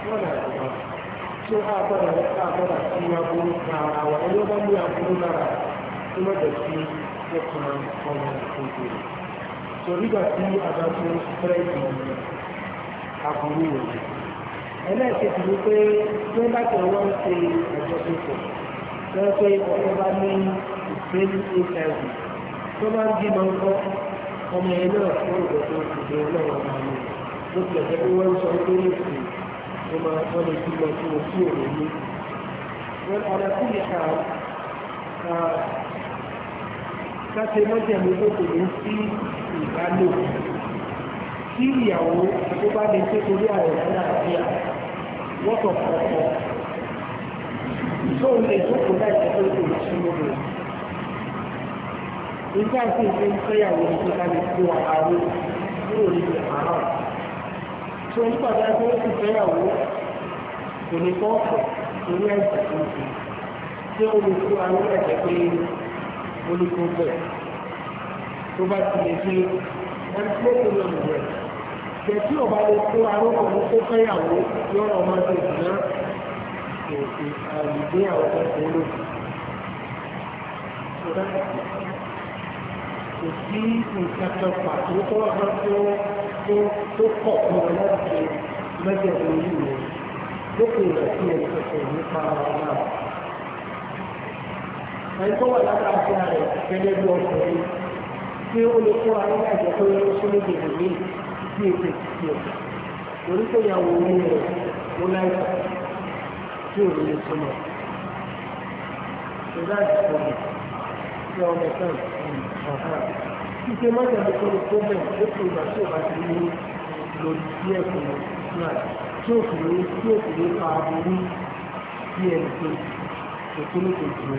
Speaker 1: wọ́n nà ẹ̀ka tí ó àgbọ̀dọ̀ ẹ̀ka àgbọ̀dọ̀ sí aburú ara wa ẹni ó bá ní aburú lára tó má jẹ́ sí ẹ̀ka ọmọ ìkókò rẹ̀ so nígbà tí a bá fi fúrẹ́ẹ̀dì àbúrú rẹ̀ ẹlẹ́ẹ̀kejì ni pé tí wọ́n bá tẹ̀ wọ́n ń ṣe àjọṣepọ̀ tí wọ́n pé ọkọ bá ní ìgbéni hiv tó bá ń bímọ ńkọ́ ọmọ ẹ̀ náà fún ìgbà tó ti di ọlọ́run máa ní ló káṣe mọ́jẹ̀mú tó kò ní sí ìbálò tí ìyàwó tó bá lè ṣe torí àwọn ọ̀rẹ́ àti wọ́tọ̀ pọ̀pọ̀ tó lè jókòó láìpẹ́ tó kò ní sí lórí nígbà tí ìṣe ń fẹ́yàwó ní tó kálí kó àárò kúrò nínú àárọ̀ tó ń pàdé tó sì fẹ́yàwó kò ní kọ́ torí ẹ̀jẹ̀ tó ń fi tí ó lè kó àwọn ẹ̀jẹ̀ pé olùkọ́ bẹ̀ tó bá ti lè ṣe ẹni tó kò lọ nìyẹn kẹ̀kí ọba lè kó arókùnrin tó fẹ́yàwó yọ̀rọ̀ ọmọ tó ìdùnnà ìgbéyàwó tó kò lókè kò sí nǹkan kan pàtó tó wà tó tó kọ̀ fún ọ láti mẹ́jọ lórí rẹ̀ lókè rẹ̀ sí ẹ̀sẹ̀ nípa ọ̀la ẹni tó wà lára àti ààrẹ gẹ́gẹ́ bí ọkùnrin tí ó lè kó ara náà jẹ́ pé ó lè dèrò ní bí ètò ìtìtì ẹ̀ torí pé ìyàwó orí rẹ̀ ó láìpẹ́ tí ò lè sọ lọ. ìdá ìsìnkú ṣe ọmọ kan ọ̀hán ṣíṣe mọ́jà ló kọ́ tó bẹ̀ ó fi ìgbà tí ò bá ti ní lòdì sí ẹ̀kọ́ náà tí ò sì tí ò sì pa aburú bí ẹnì kejì òkú ní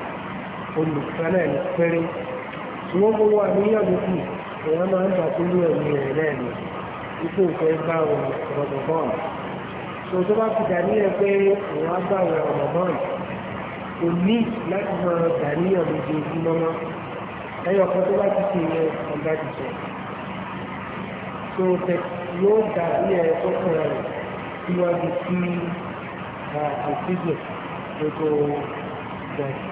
Speaker 1: olùkánà ní pẹ́rẹ́ tí wọ́n mú wà ní àdúgbò èèyàn máa ń bà tó lú ẹ̀mí rẹ̀ náà ni ipò ìfẹ́ bá wọn rọ̀bọ̀bọ̀n tó tó bá fi dàníyàn pé èèyàn á bá wọn rọ̀bọ̀bọ̀n kò ní láti máa dàníyàn lójoojúmọ́ mọ́ ẹyọ kan tó bá ti ṣe yẹn ọ̀gá ti tó tẹ yóò dà ní ẹ̀ tó kàn rẹ̀ síwájú sí àtìgbè tó tó bẹ̀rẹ̀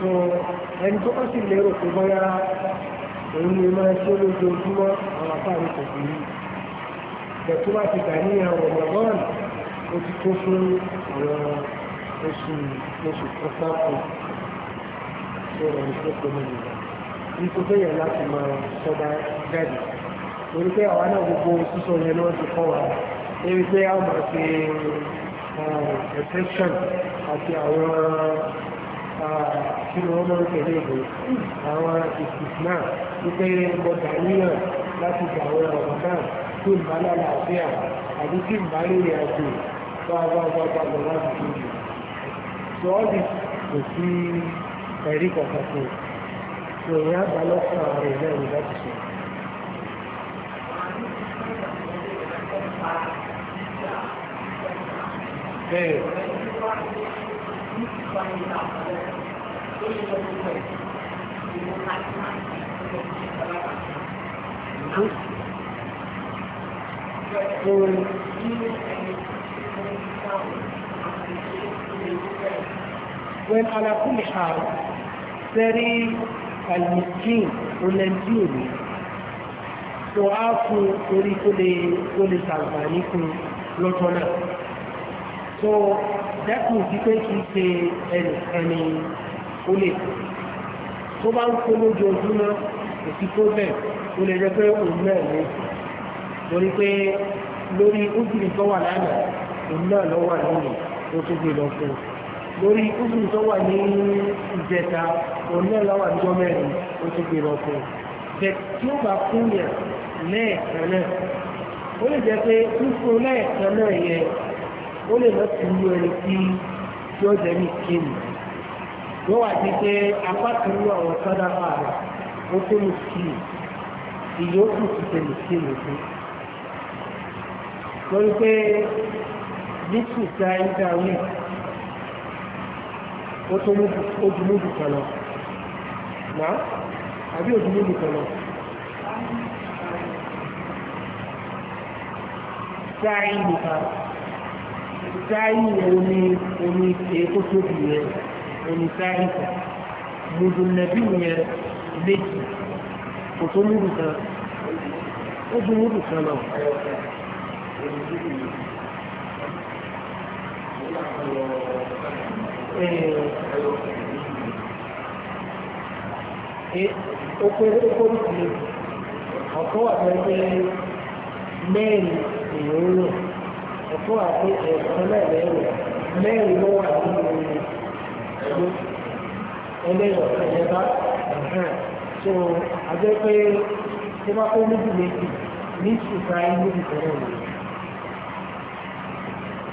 Speaker 1: so ẹni tó kọ́ sí lérò pé bóyá òun lè máa ṣe lójoojúmọ́ àwọn afáàrí kò sí yìí ìgbẹ̀tú bá ti gbà ní àwọn ọmọdọ́ọ̀nù ó ti tó fún àwọn oṣù oṣù kan sáàpù tó rọ̀ ní tó tó mẹ́lẹ̀ ní tó bẹ̀yẹ̀ láti máa sọ́dá jáde torí pé àwa náà gbogbo sísọ yẹn ni wọ́n ti kọ́ wa ebi pé a máa ṣe exception àti àwọn kí ni wọ́n máa ń tẹ̀lé ìbò àwọn ìsìnkú wípé mo dàníyàn láti gbà àwọn ọ̀rọ̀ náà tó ń bá lálàáfíà àbí tí ń bá lórí àjò bá bá bá bá lọ láti fi jù. sọ ọ́ di kò sí ẹ̀rí kọ̀ọ̀kan tó ìròyìn àgbàlọ́kàn rẹ̀ náà ní láti sọ. bẹ́ẹ̀ وعلى كل حال سري المسكين والمسيوني سعافوا وريكوا لكل سعبانيكم لطنات so dẹ́kun sí pé kì í ṣe ẹnìkan ni ó lè tó bá ń kó lójoojúmọ́ èsì tó bẹ̀ ó lè jẹ́ pé òun náà ní torí pé lórí ojúlé tó wà lánàá òun náà lọ wà lónìí ó tó gbé lọ fún un lórí ojúlé tó wà ní ìjẹta òun náà lọ wà níjọ́ mẹ́rin ó tó gbé lọ fún un tí ó bá kún yẹn lẹ́ẹ̀kan náà ó lè jẹ́ pé fífún lẹ́ẹ̀kan náà yẹ ó lè lọ sí irú ẹni tí tí ó jẹ́ ní kíni yóò wá di pé apá kan ní àwọn sọ́dáfà rẹ̀ ó tó ní kíni ìyókù ti tẹ̀ ní kíni fún lórí pé nítorí tí a ń dá wí ó tó ojúmójú kan lọ àbí ojúmójú kan Sáà ń lè sáyì omi omi èkó tóbi yẹn omi sáyì kan mudu nàbí yẹn méjì kò tó múdù kan ó dún múdù kan lọ. Oko oko ti ọ̀kan wà pẹ̀lú mẹ́rin èèyàn ẹ̀fọ́ àti ẹ̀fọ́ náà lẹ́yìn mẹ́rin ló wà nínú ẹ̀lú ẹlẹ́yìn ẹ̀yẹ bá so àjẹ́ pé tí wọ́n kó níbi méjì ní ìṣùkà níbi tẹ̀lé rẹ̀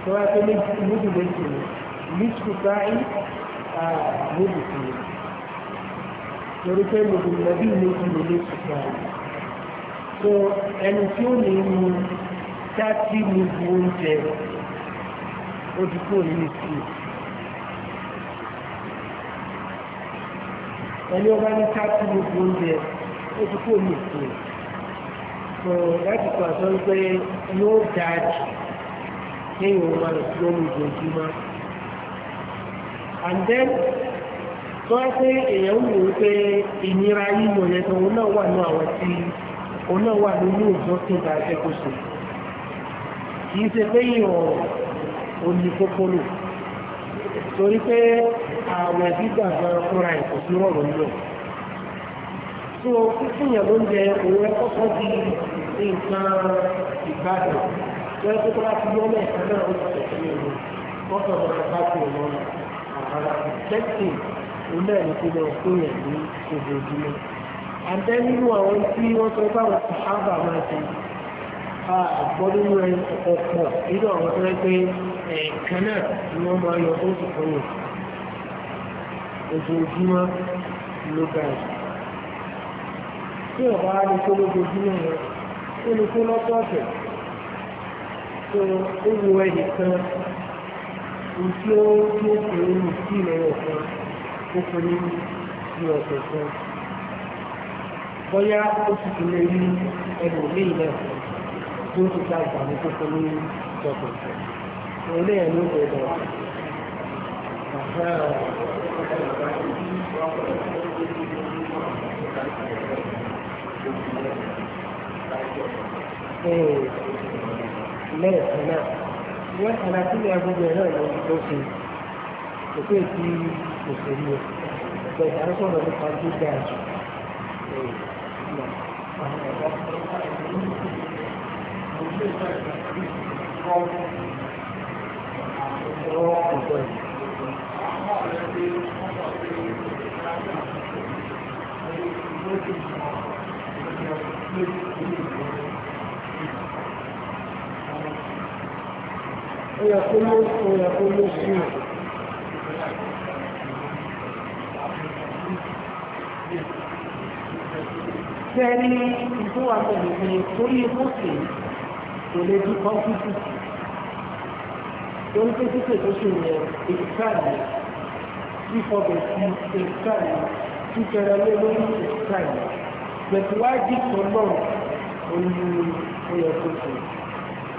Speaker 1: tí wọ́n kó níbi méjì ní ìṣùkà níbi tẹ̀lé torí pé lòdì lẹ́bí méjì ní ìṣùkà so ẹni tí ó ní ní tátí mu bu oúnjẹ ó ti kúrò nínú sùn. ẹni ọba ní tátí mu bu oúnjẹ ó ti kúrò nínú sùn. sọ láti kọ àtọ́ pé yóò dáa jù kéèyàn máa sí omi ojoojúmọ́. and then tó wá pé èèyàn wò ó pé ìnira yìí mọ̀ yẹn tó òun náà wà ní àwọn tí òun náà wà nínú ìjọsìn bá a fẹ́ kó ṣe kìí ṣe pé yíò òní kókólò torí pé ààwẹ̀ gbígbà gan fúnra ẹ̀ kò sí rọ̀rọ̀ nílò tí o fífún yàn ló ń jẹ òun ẹ̀kọ́ kan di nǹkan ìgbàdàn tó ẹ kókó láti yọ mẹ́ẹ̀kan náà ó ti tẹ̀sí ní ìlú wọ́n sọ wọn ká sí òun àrà tẹ́sí òun náà ní kí wọ́n fún yàn ní ojoojúmọ́ àbẹ́ àwọn tí wọ́n sọ báwọn sàhábà máa ṣe àgbọ́dún rẹ̀ ọ̀pọ̀ nínú àwọn tó rẹ̀ ẹ̀ẹ̀kan náà ni wọ́n máa yọ tó sì fún ojoojúmọ́ ló bẹ̀rẹ̀ tí ọ̀bá ní kó lójoojúmọ́ rẹ̀ ó ní kó lọ́tọ̀ọ̀tẹ̀ tó ó wu ẹnì kan ní tí ó tó pé ó ní sí ilẹ̀ ọ̀kan ó fún ní ní ọ̀sẹ̀ kan bóyá ó sì tún lè rí ẹlòmíì náà tí ó ìpàdé tó ní ìjọpọ̀ ìṣẹ́ ẹ̀ ló ń bẹ̀rẹ̀ lẹ́ẹ̀kan náà wọ́n kàlá sílẹ̀ agbègbè náà lọ sí tó ṣe kò pé tí òṣèlú ẹ̀ bẹ̀rẹ̀ sọ̀rọ̀ nípa tó dáa jù. Thank you. ويقول ويقول السنة ثاني هو تنظيم كل مسلم kò lè di kọ́ńtítì torí pé títẹ̀ tó ṣe yẹ èkìtàní fífọ̀bẹ̀ sí èkìtàní títẹ̀rẹ̀ lé lórí èkìtàní bẹ̀tù wá jí tó lọ́rùn olú oyè tó ṣe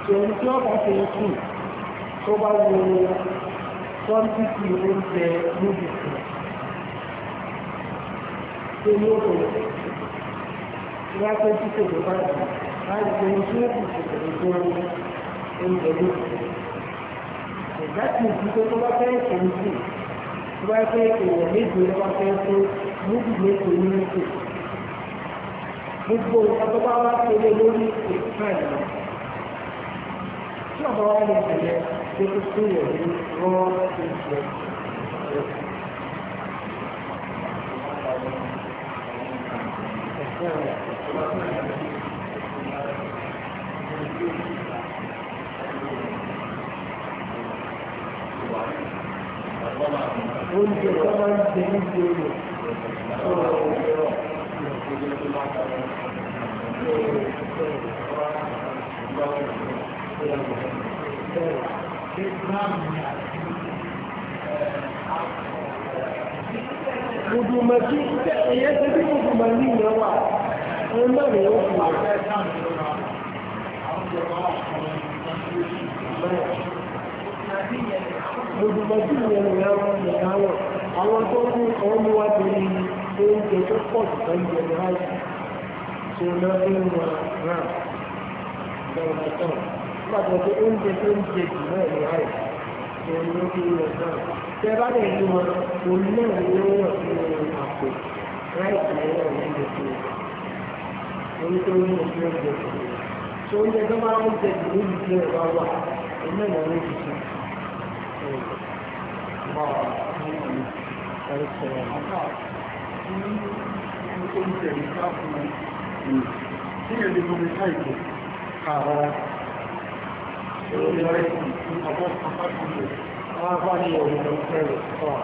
Speaker 1: tòun tí ọba ṣe ń sùn tó bá wo kọ́ńtítì oúnjẹ lóbi kan tó ní ó tó lọ láti títẹ̀ tó bá dùn láti ṣe ní ṣé ìṣètò oúnjẹ ló ìdájú ìdíje tó bá fẹ́ ṣe ń sè tó bá fẹ́ èèyàn méje ló bá fẹ́ tó méjì méje ní ìṣe gbogbo ọgbọ́n wa ṣe lé lórí ìṣèkà ìlú tí ọmọ wa lè tẹ̀lé tó tó tó yẹ ní rán ìṣe Thank you oúnjẹ tó máa ń jẹ ní ìgboro ọ̀rọ̀ ọ̀rọ̀ Gbùdùmọ̀kí ẹ̀yẹ́ tẹ́bí gbùdùmọ̀ ní ìrẹ́wà, ọ̀rọ̀ mẹ́rin ó fi wà lójúmọ́jú yẹn ni àwọn ènìyàn wọ̀ àwọn tó ń kọ́ mú wá torí oúnjẹ tó pọ̀ jù lọ ìjẹ ní àìsí tó lọ sí wọn lọ́wọ́ náà nígbà tó oúnjẹ tó ń jẹ jù náà ní àìsí tó lọ sí wọn náà tẹ bá lè ní wọn òun náà ní wọn wọ̀ sí wọn àpò láìsí ẹ̀rọ ìjẹ sí wọn. onítorí oúnjẹ tó ń jẹ jù náà tó oúnjẹ tó máa ń jẹ jù níbi tí ẹ̀rọ wà iná ìwọ̀n ní ìṣẹ́ Oúnjẹ ìsáfún ní ẹ̀dẹ̀ gómìnà ìgbò kààrà ìrọ̀lẹ́rẹ́ ìpàdé àpapọ̀ àwọn bá ní ọ̀rọ̀ ìrọ̀lẹ́rẹ́ ọ̀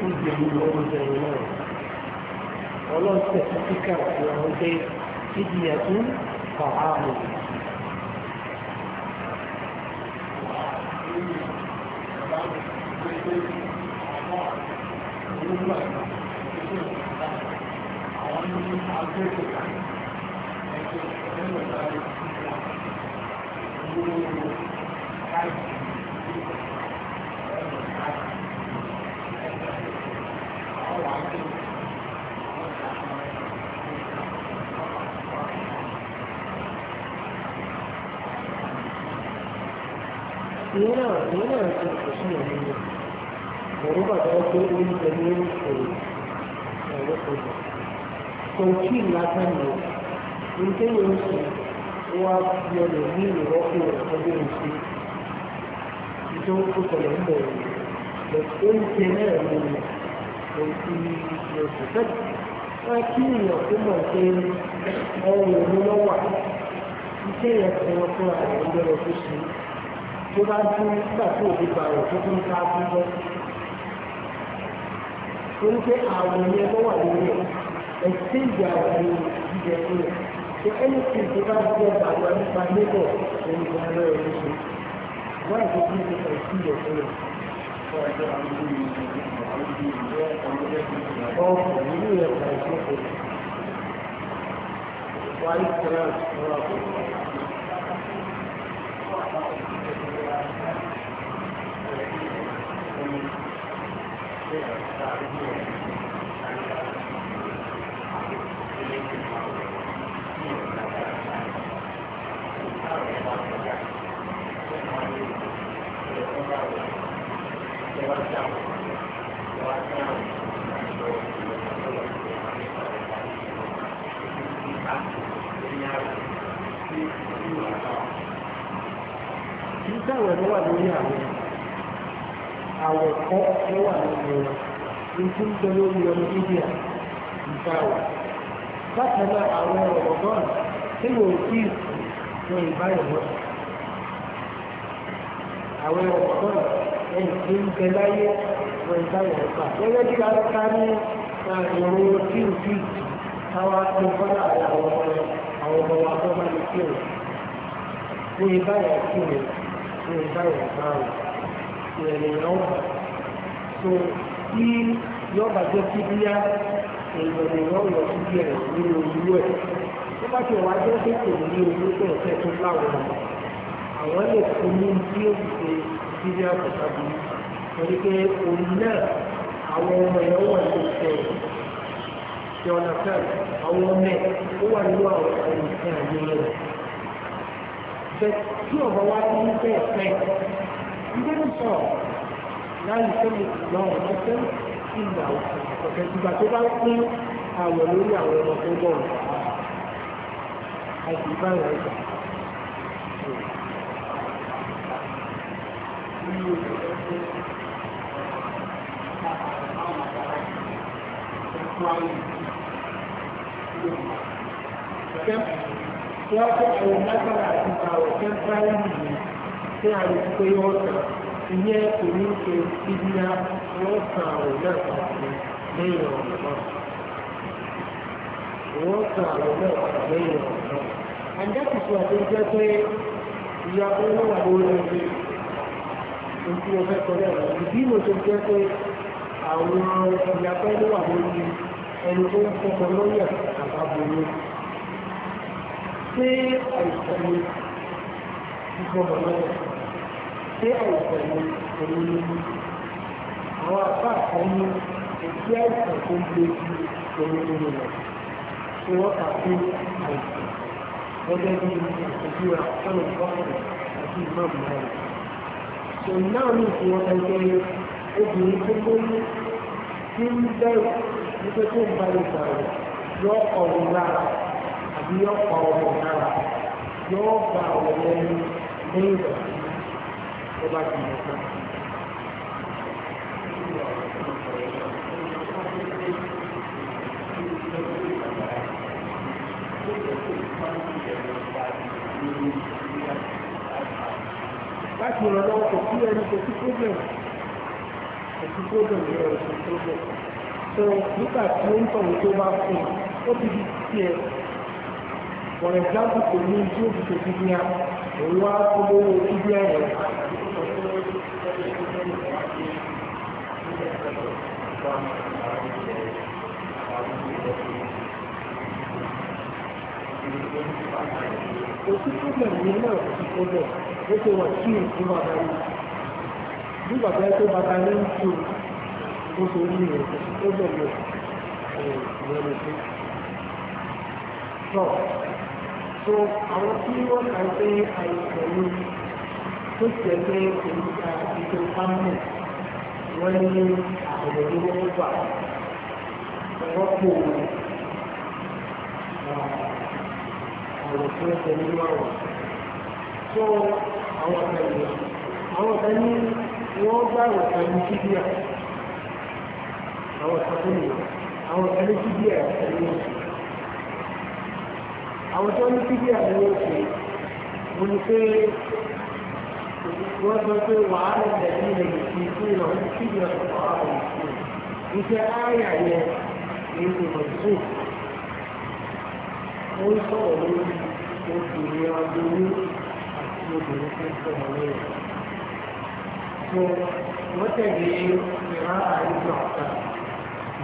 Speaker 1: oúnjẹ ìlú oúnjẹ ìrọ̀lẹ́rẹ́ ọlọ́ọ̀tẹ̀ kíkà ìrọ̀lẹ́rẹ́ ìdíyàtún طعامه Thank you. òun náà ti kò ní òkòrò ọ̀rọ̀ kọjá kò tí ì lásán lọ nké yóò sọ wá bí ọ lè ní ìrọ́pò ọdún ìṣe ìjọ òkòlẹ̀ ń bẹ̀rẹ̀ rẹ̀ oúnjẹ náà ló ń lọ sí oṣù tẹ́tù wá kí ìyàn tó mọ̀ pé ọrùn ló lọ́wọ́ iṣẹ́ yẹn kan fún àwọn ọgbẹ́rẹ́ tó bá tún nígbà tí òbí tó tún ká tún bọ́. torí pé àwọn yẹn tó wà lórí ẹ̀ ìgbà rẹ̀ ní ìjẹ́ rẹ̀ tó ẹni tí tó bá jẹ́ àwọn nípa níbọ̀ ẹni tó lọ ẹ̀ lóṣù wọ́n ẹ̀ tún ní ẹ̀sìn ìjẹ́ fún rẹ̀. Ọ̀pọ̀ nínú ẹ̀ka ìṣòfò. Wáyé Thank you. ní àwọn àwọ̀ ẹ̀kọ́ ló wà nínú wọn ní tí ń bẹ lórí ọmọ india ìgbà wà bákan náà àwọn ọ̀gọ́rùn tí wò ó kí wọn ìbáyọ̀ wọn àwọn ọ̀gọ́rùn ẹni tí ń bẹ láyé wọn ìbáyọ̀ wọn gẹ́gẹ́ bí ká ní ìrún tí ò tí káwá tó fọ́nà kí òun ní báyìí báyìí ní ènìyàn tó tí yọ bàjẹ́ sí bíyá ènìyàn wọ́n sí bí ẹ̀rẹ̀ nínú ìlú ẹ̀ tó bá ti wà jẹ́ pé kò ní owó tó ń tó láwọn ọmọ àwọn lè fún ní bí ó ti ṣe bíyá kò sábì torí pé òun náà àwọn ọmọ ẹ̀ wà ní ìfẹ́ ìjọba náà àwọn ọmọ ẹ̀ ó wà nínú àwọn ọmọ ẹ̀ ìfẹ́ tí ọ̀bọ̀ wá ní ìfẹ́ ìfẹ́ ìgbẹ́ ní sọ láì sẹ́mi lọ ọ̀sẹ̀ ìgbà ọ̀sẹ̀ ìgbà tó bá pín àwọ̀ lórí àwọn ọmọ tó bọ̀ àti ìbára ẹ̀dá. Thank you tí wọ́n fẹ́ àwọn lágbára àti àwọn ọ̀kẹ́ báyìí nìyí tí a lè pé wọ́n tà ìyẹn kò ní ṣe ìdíyà wọ́n tà àwọn náà pàṣẹ lẹ́yìn ọ̀rọ̀ náà. Wọ́n tà àwọn náà pàṣẹ lẹ́yìn ọ̀rọ̀ náà. Àjẹ́kùsù àti ìjẹ́ pé ìyá owó wà lórí ẹgbẹ́ ojú ọfẹ́ kọjá rẹ̀. Ìdí mo ṣe jẹ́ pé àwọn ìyá pẹ́ wà lórí ẹni tó ń fọkọ lọ́yẹ̀ àbábọ̀ lórí ṣé àìsàn ni gbogbo ọ̀nà ṣé àwọn apá kan ní àìsàn tó ń gbé ju òun tí wọ́n kà sí àìsàn gẹ́gẹ́ bí ìṣèjúra sọ́nà ìfọ́sọ̀rọ̀ àti ìmọ̀ọ̀mù náà. òun náà ní ìfowópamọ́ ẹgbẹ́ obìnrin tó lóyún tí ń bẹ̀rù nípa tó ń bá ìgbà rẹ̀ yọ ọ̀rùn lára àbí yóò pa ọmọ náà yóò gba ọ̀rọ̀ ní ìwà tó bá ti mọ̀ fún láti ràn lọ́wọ́ kò sí ẹni kò sí problem kò sí problem ní ọ̀rọ̀ sí problem so nígbà tí ó ń tọ̀wọ́ tó bá fún un ó ti di tiẹ̀ for example kò ní tí ó fi ṣe kíkí ya òun wá kó lówó kíkí ẹ̀rọ. Òsì tó bẹ̀rẹ̀ ní náà ti kọjọ, ó ṣe wà sí ìlú bàbá yìí. Bí bàbá yìí tó bàbá yìí ń ṣe ó ṣe orí rẹ̀, ó bẹ̀rẹ̀ ìrẹ̀lẹ̀ sí. Sọ̀rọ̀. So àwọn tí wọ́n kà pé àìsàn tó jẹ́ pé òǹkà ètò pamọ́ wọ́n ní àwọn olówó gbà rọ́pò àwọn tí wọ́n tẹ̀lé lọ́wọ́ So àwọn ọ̀tẹ̀lẹ̀ àwọn ọ̀tẹ̀lẹ̀ wọ́n gbà wọ̀ pẹ̀lú síbíà àwọn ọ̀tẹ̀lẹ̀ àwọn ọ̀tẹ̀lẹ̀ síbíà ẹ̀yìn àwọn tó ní bíbí àwọn oṣù mo ní pé wọ́n sọ pé wàhálà ìdẹ̀bí ilẹ̀ yìí fún ìlọ ní bíbí ọ̀sán wàhálà yìí iṣẹ́ ààyè àyẹ èyí kò sùn ó ń sọ̀rọ̀ lórí obìnrin ọdún àti obìnrin tó ń sọ̀rọ̀ lórí wọ́n tẹ̀lé ìhà àìsàn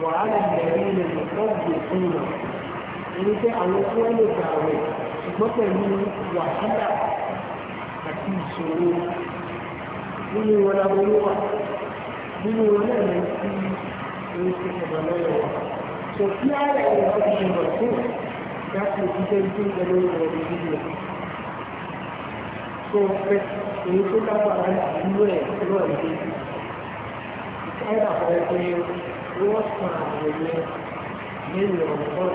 Speaker 1: wàhálà ìdẹ̀bí ilẹ̀ yìí fún ìlọ ẹni pé àwọn tí wọ́n lè gbà rẹ̀ ṣùgbọ́n pẹ̀lú wàhálà àti ìṣòro nínú wọn láboyún wà nínú wọn náà lè fi ohun tó ṣẹ̀dá lọ́yọ̀ wà. sọ kí á rẹ̀ ẹ̀rọ ti ṣẹ̀dá fún láti òṣìṣẹ́ ìdí ìjọba ìwọ̀n ọdún yìí lọ. sọ pé èyí tó lágbára nínú ẹ̀ lọ́ọ̀ ìdí. ìkáyà ọ̀rẹ́ pé wọ́n sàn àwọn ẹ̀yẹ nínú ọ̀rọ̀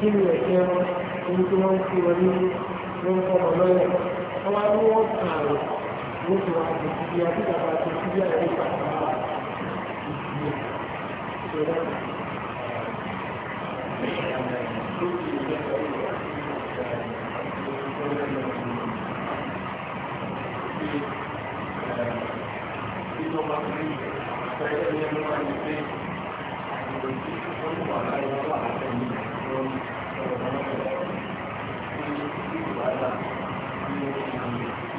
Speaker 1: kí ni ẹ̀jẹ̀ wọn ohun tí wọ́n ń fi wọn ní wọ́n ń fọmọ lọ́yẹ̀ wọ́n wá ní wọ́n kà á rẹ̀ wọ́n ti wá àti ìdí àti bàbá àti ìdí àti bàbá ìdí ìṣẹ̀lẹ̀. Thank you.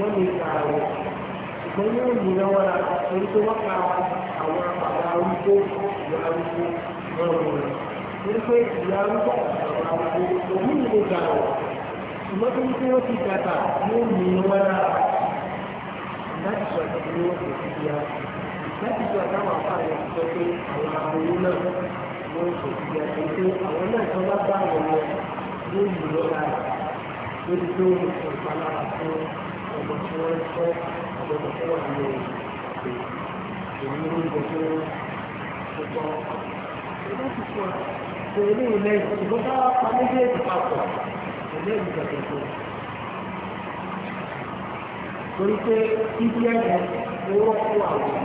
Speaker 1: wọ́n lè ka àwọ̀ ṣùgbọ́n yóò mú náà wọ́n ra torí pé wọ́n ka àwọn bàbá arúgbó ìyá arúgbó wọ́n mú rẹ̀ torí pé ìyá arúgbó bàbá arúgbó òun ní lè ka àwọ̀ ṣùgbọ́n tó ń pé wọ́n ti dàgbà yóò mú náà wọ́n ra láti sọ ìdílé wọn kò sí ìyá láti sọ àtàwọn àfààní sọ pé àwọn aboyún náà wọ́n kò sí ìyá tó pé àwọn náà tó bá bá àwọn lọ yóò mú lọ́la lórí tó ń sọ ìpalára fún nǹkan tí wọ́n ń kọ́ àgbẹ̀kọ̀ tó wà nínú ìpè èyí ló ń bọ̀ tó tó tọ́. ṣé wọ́n ti fún ọ ṣe ilé ilẹ̀ ìṣòro bá pa méjèèjì papọ̀ ilé ìgbàgbọ́ tó. torí pé ibi ẹ̀rọ owó kó àwọn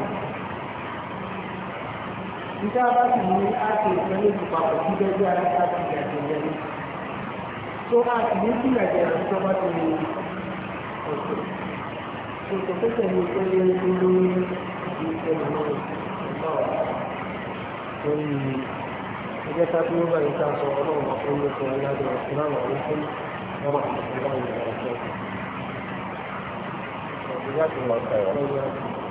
Speaker 1: ìdá bá sì ní àti ìpínlẹ̀ ìpapọ̀ gbígbẹ́ bí aláta ti gbàgbé tó a ní sílẹ̀ jẹ́ ìjọba tó ní ẹgbẹ́ tí ó bá yìí sọ ọlọ́run ọ̀pọ̀ ní ọkọ̀ aláàbò ìsìláàmù àwọn fún ọmọ ìsìláàmù ìgbà ọ̀sẹ̀ ọ̀sẹ̀ láti wọ́n sọ̀rọ̀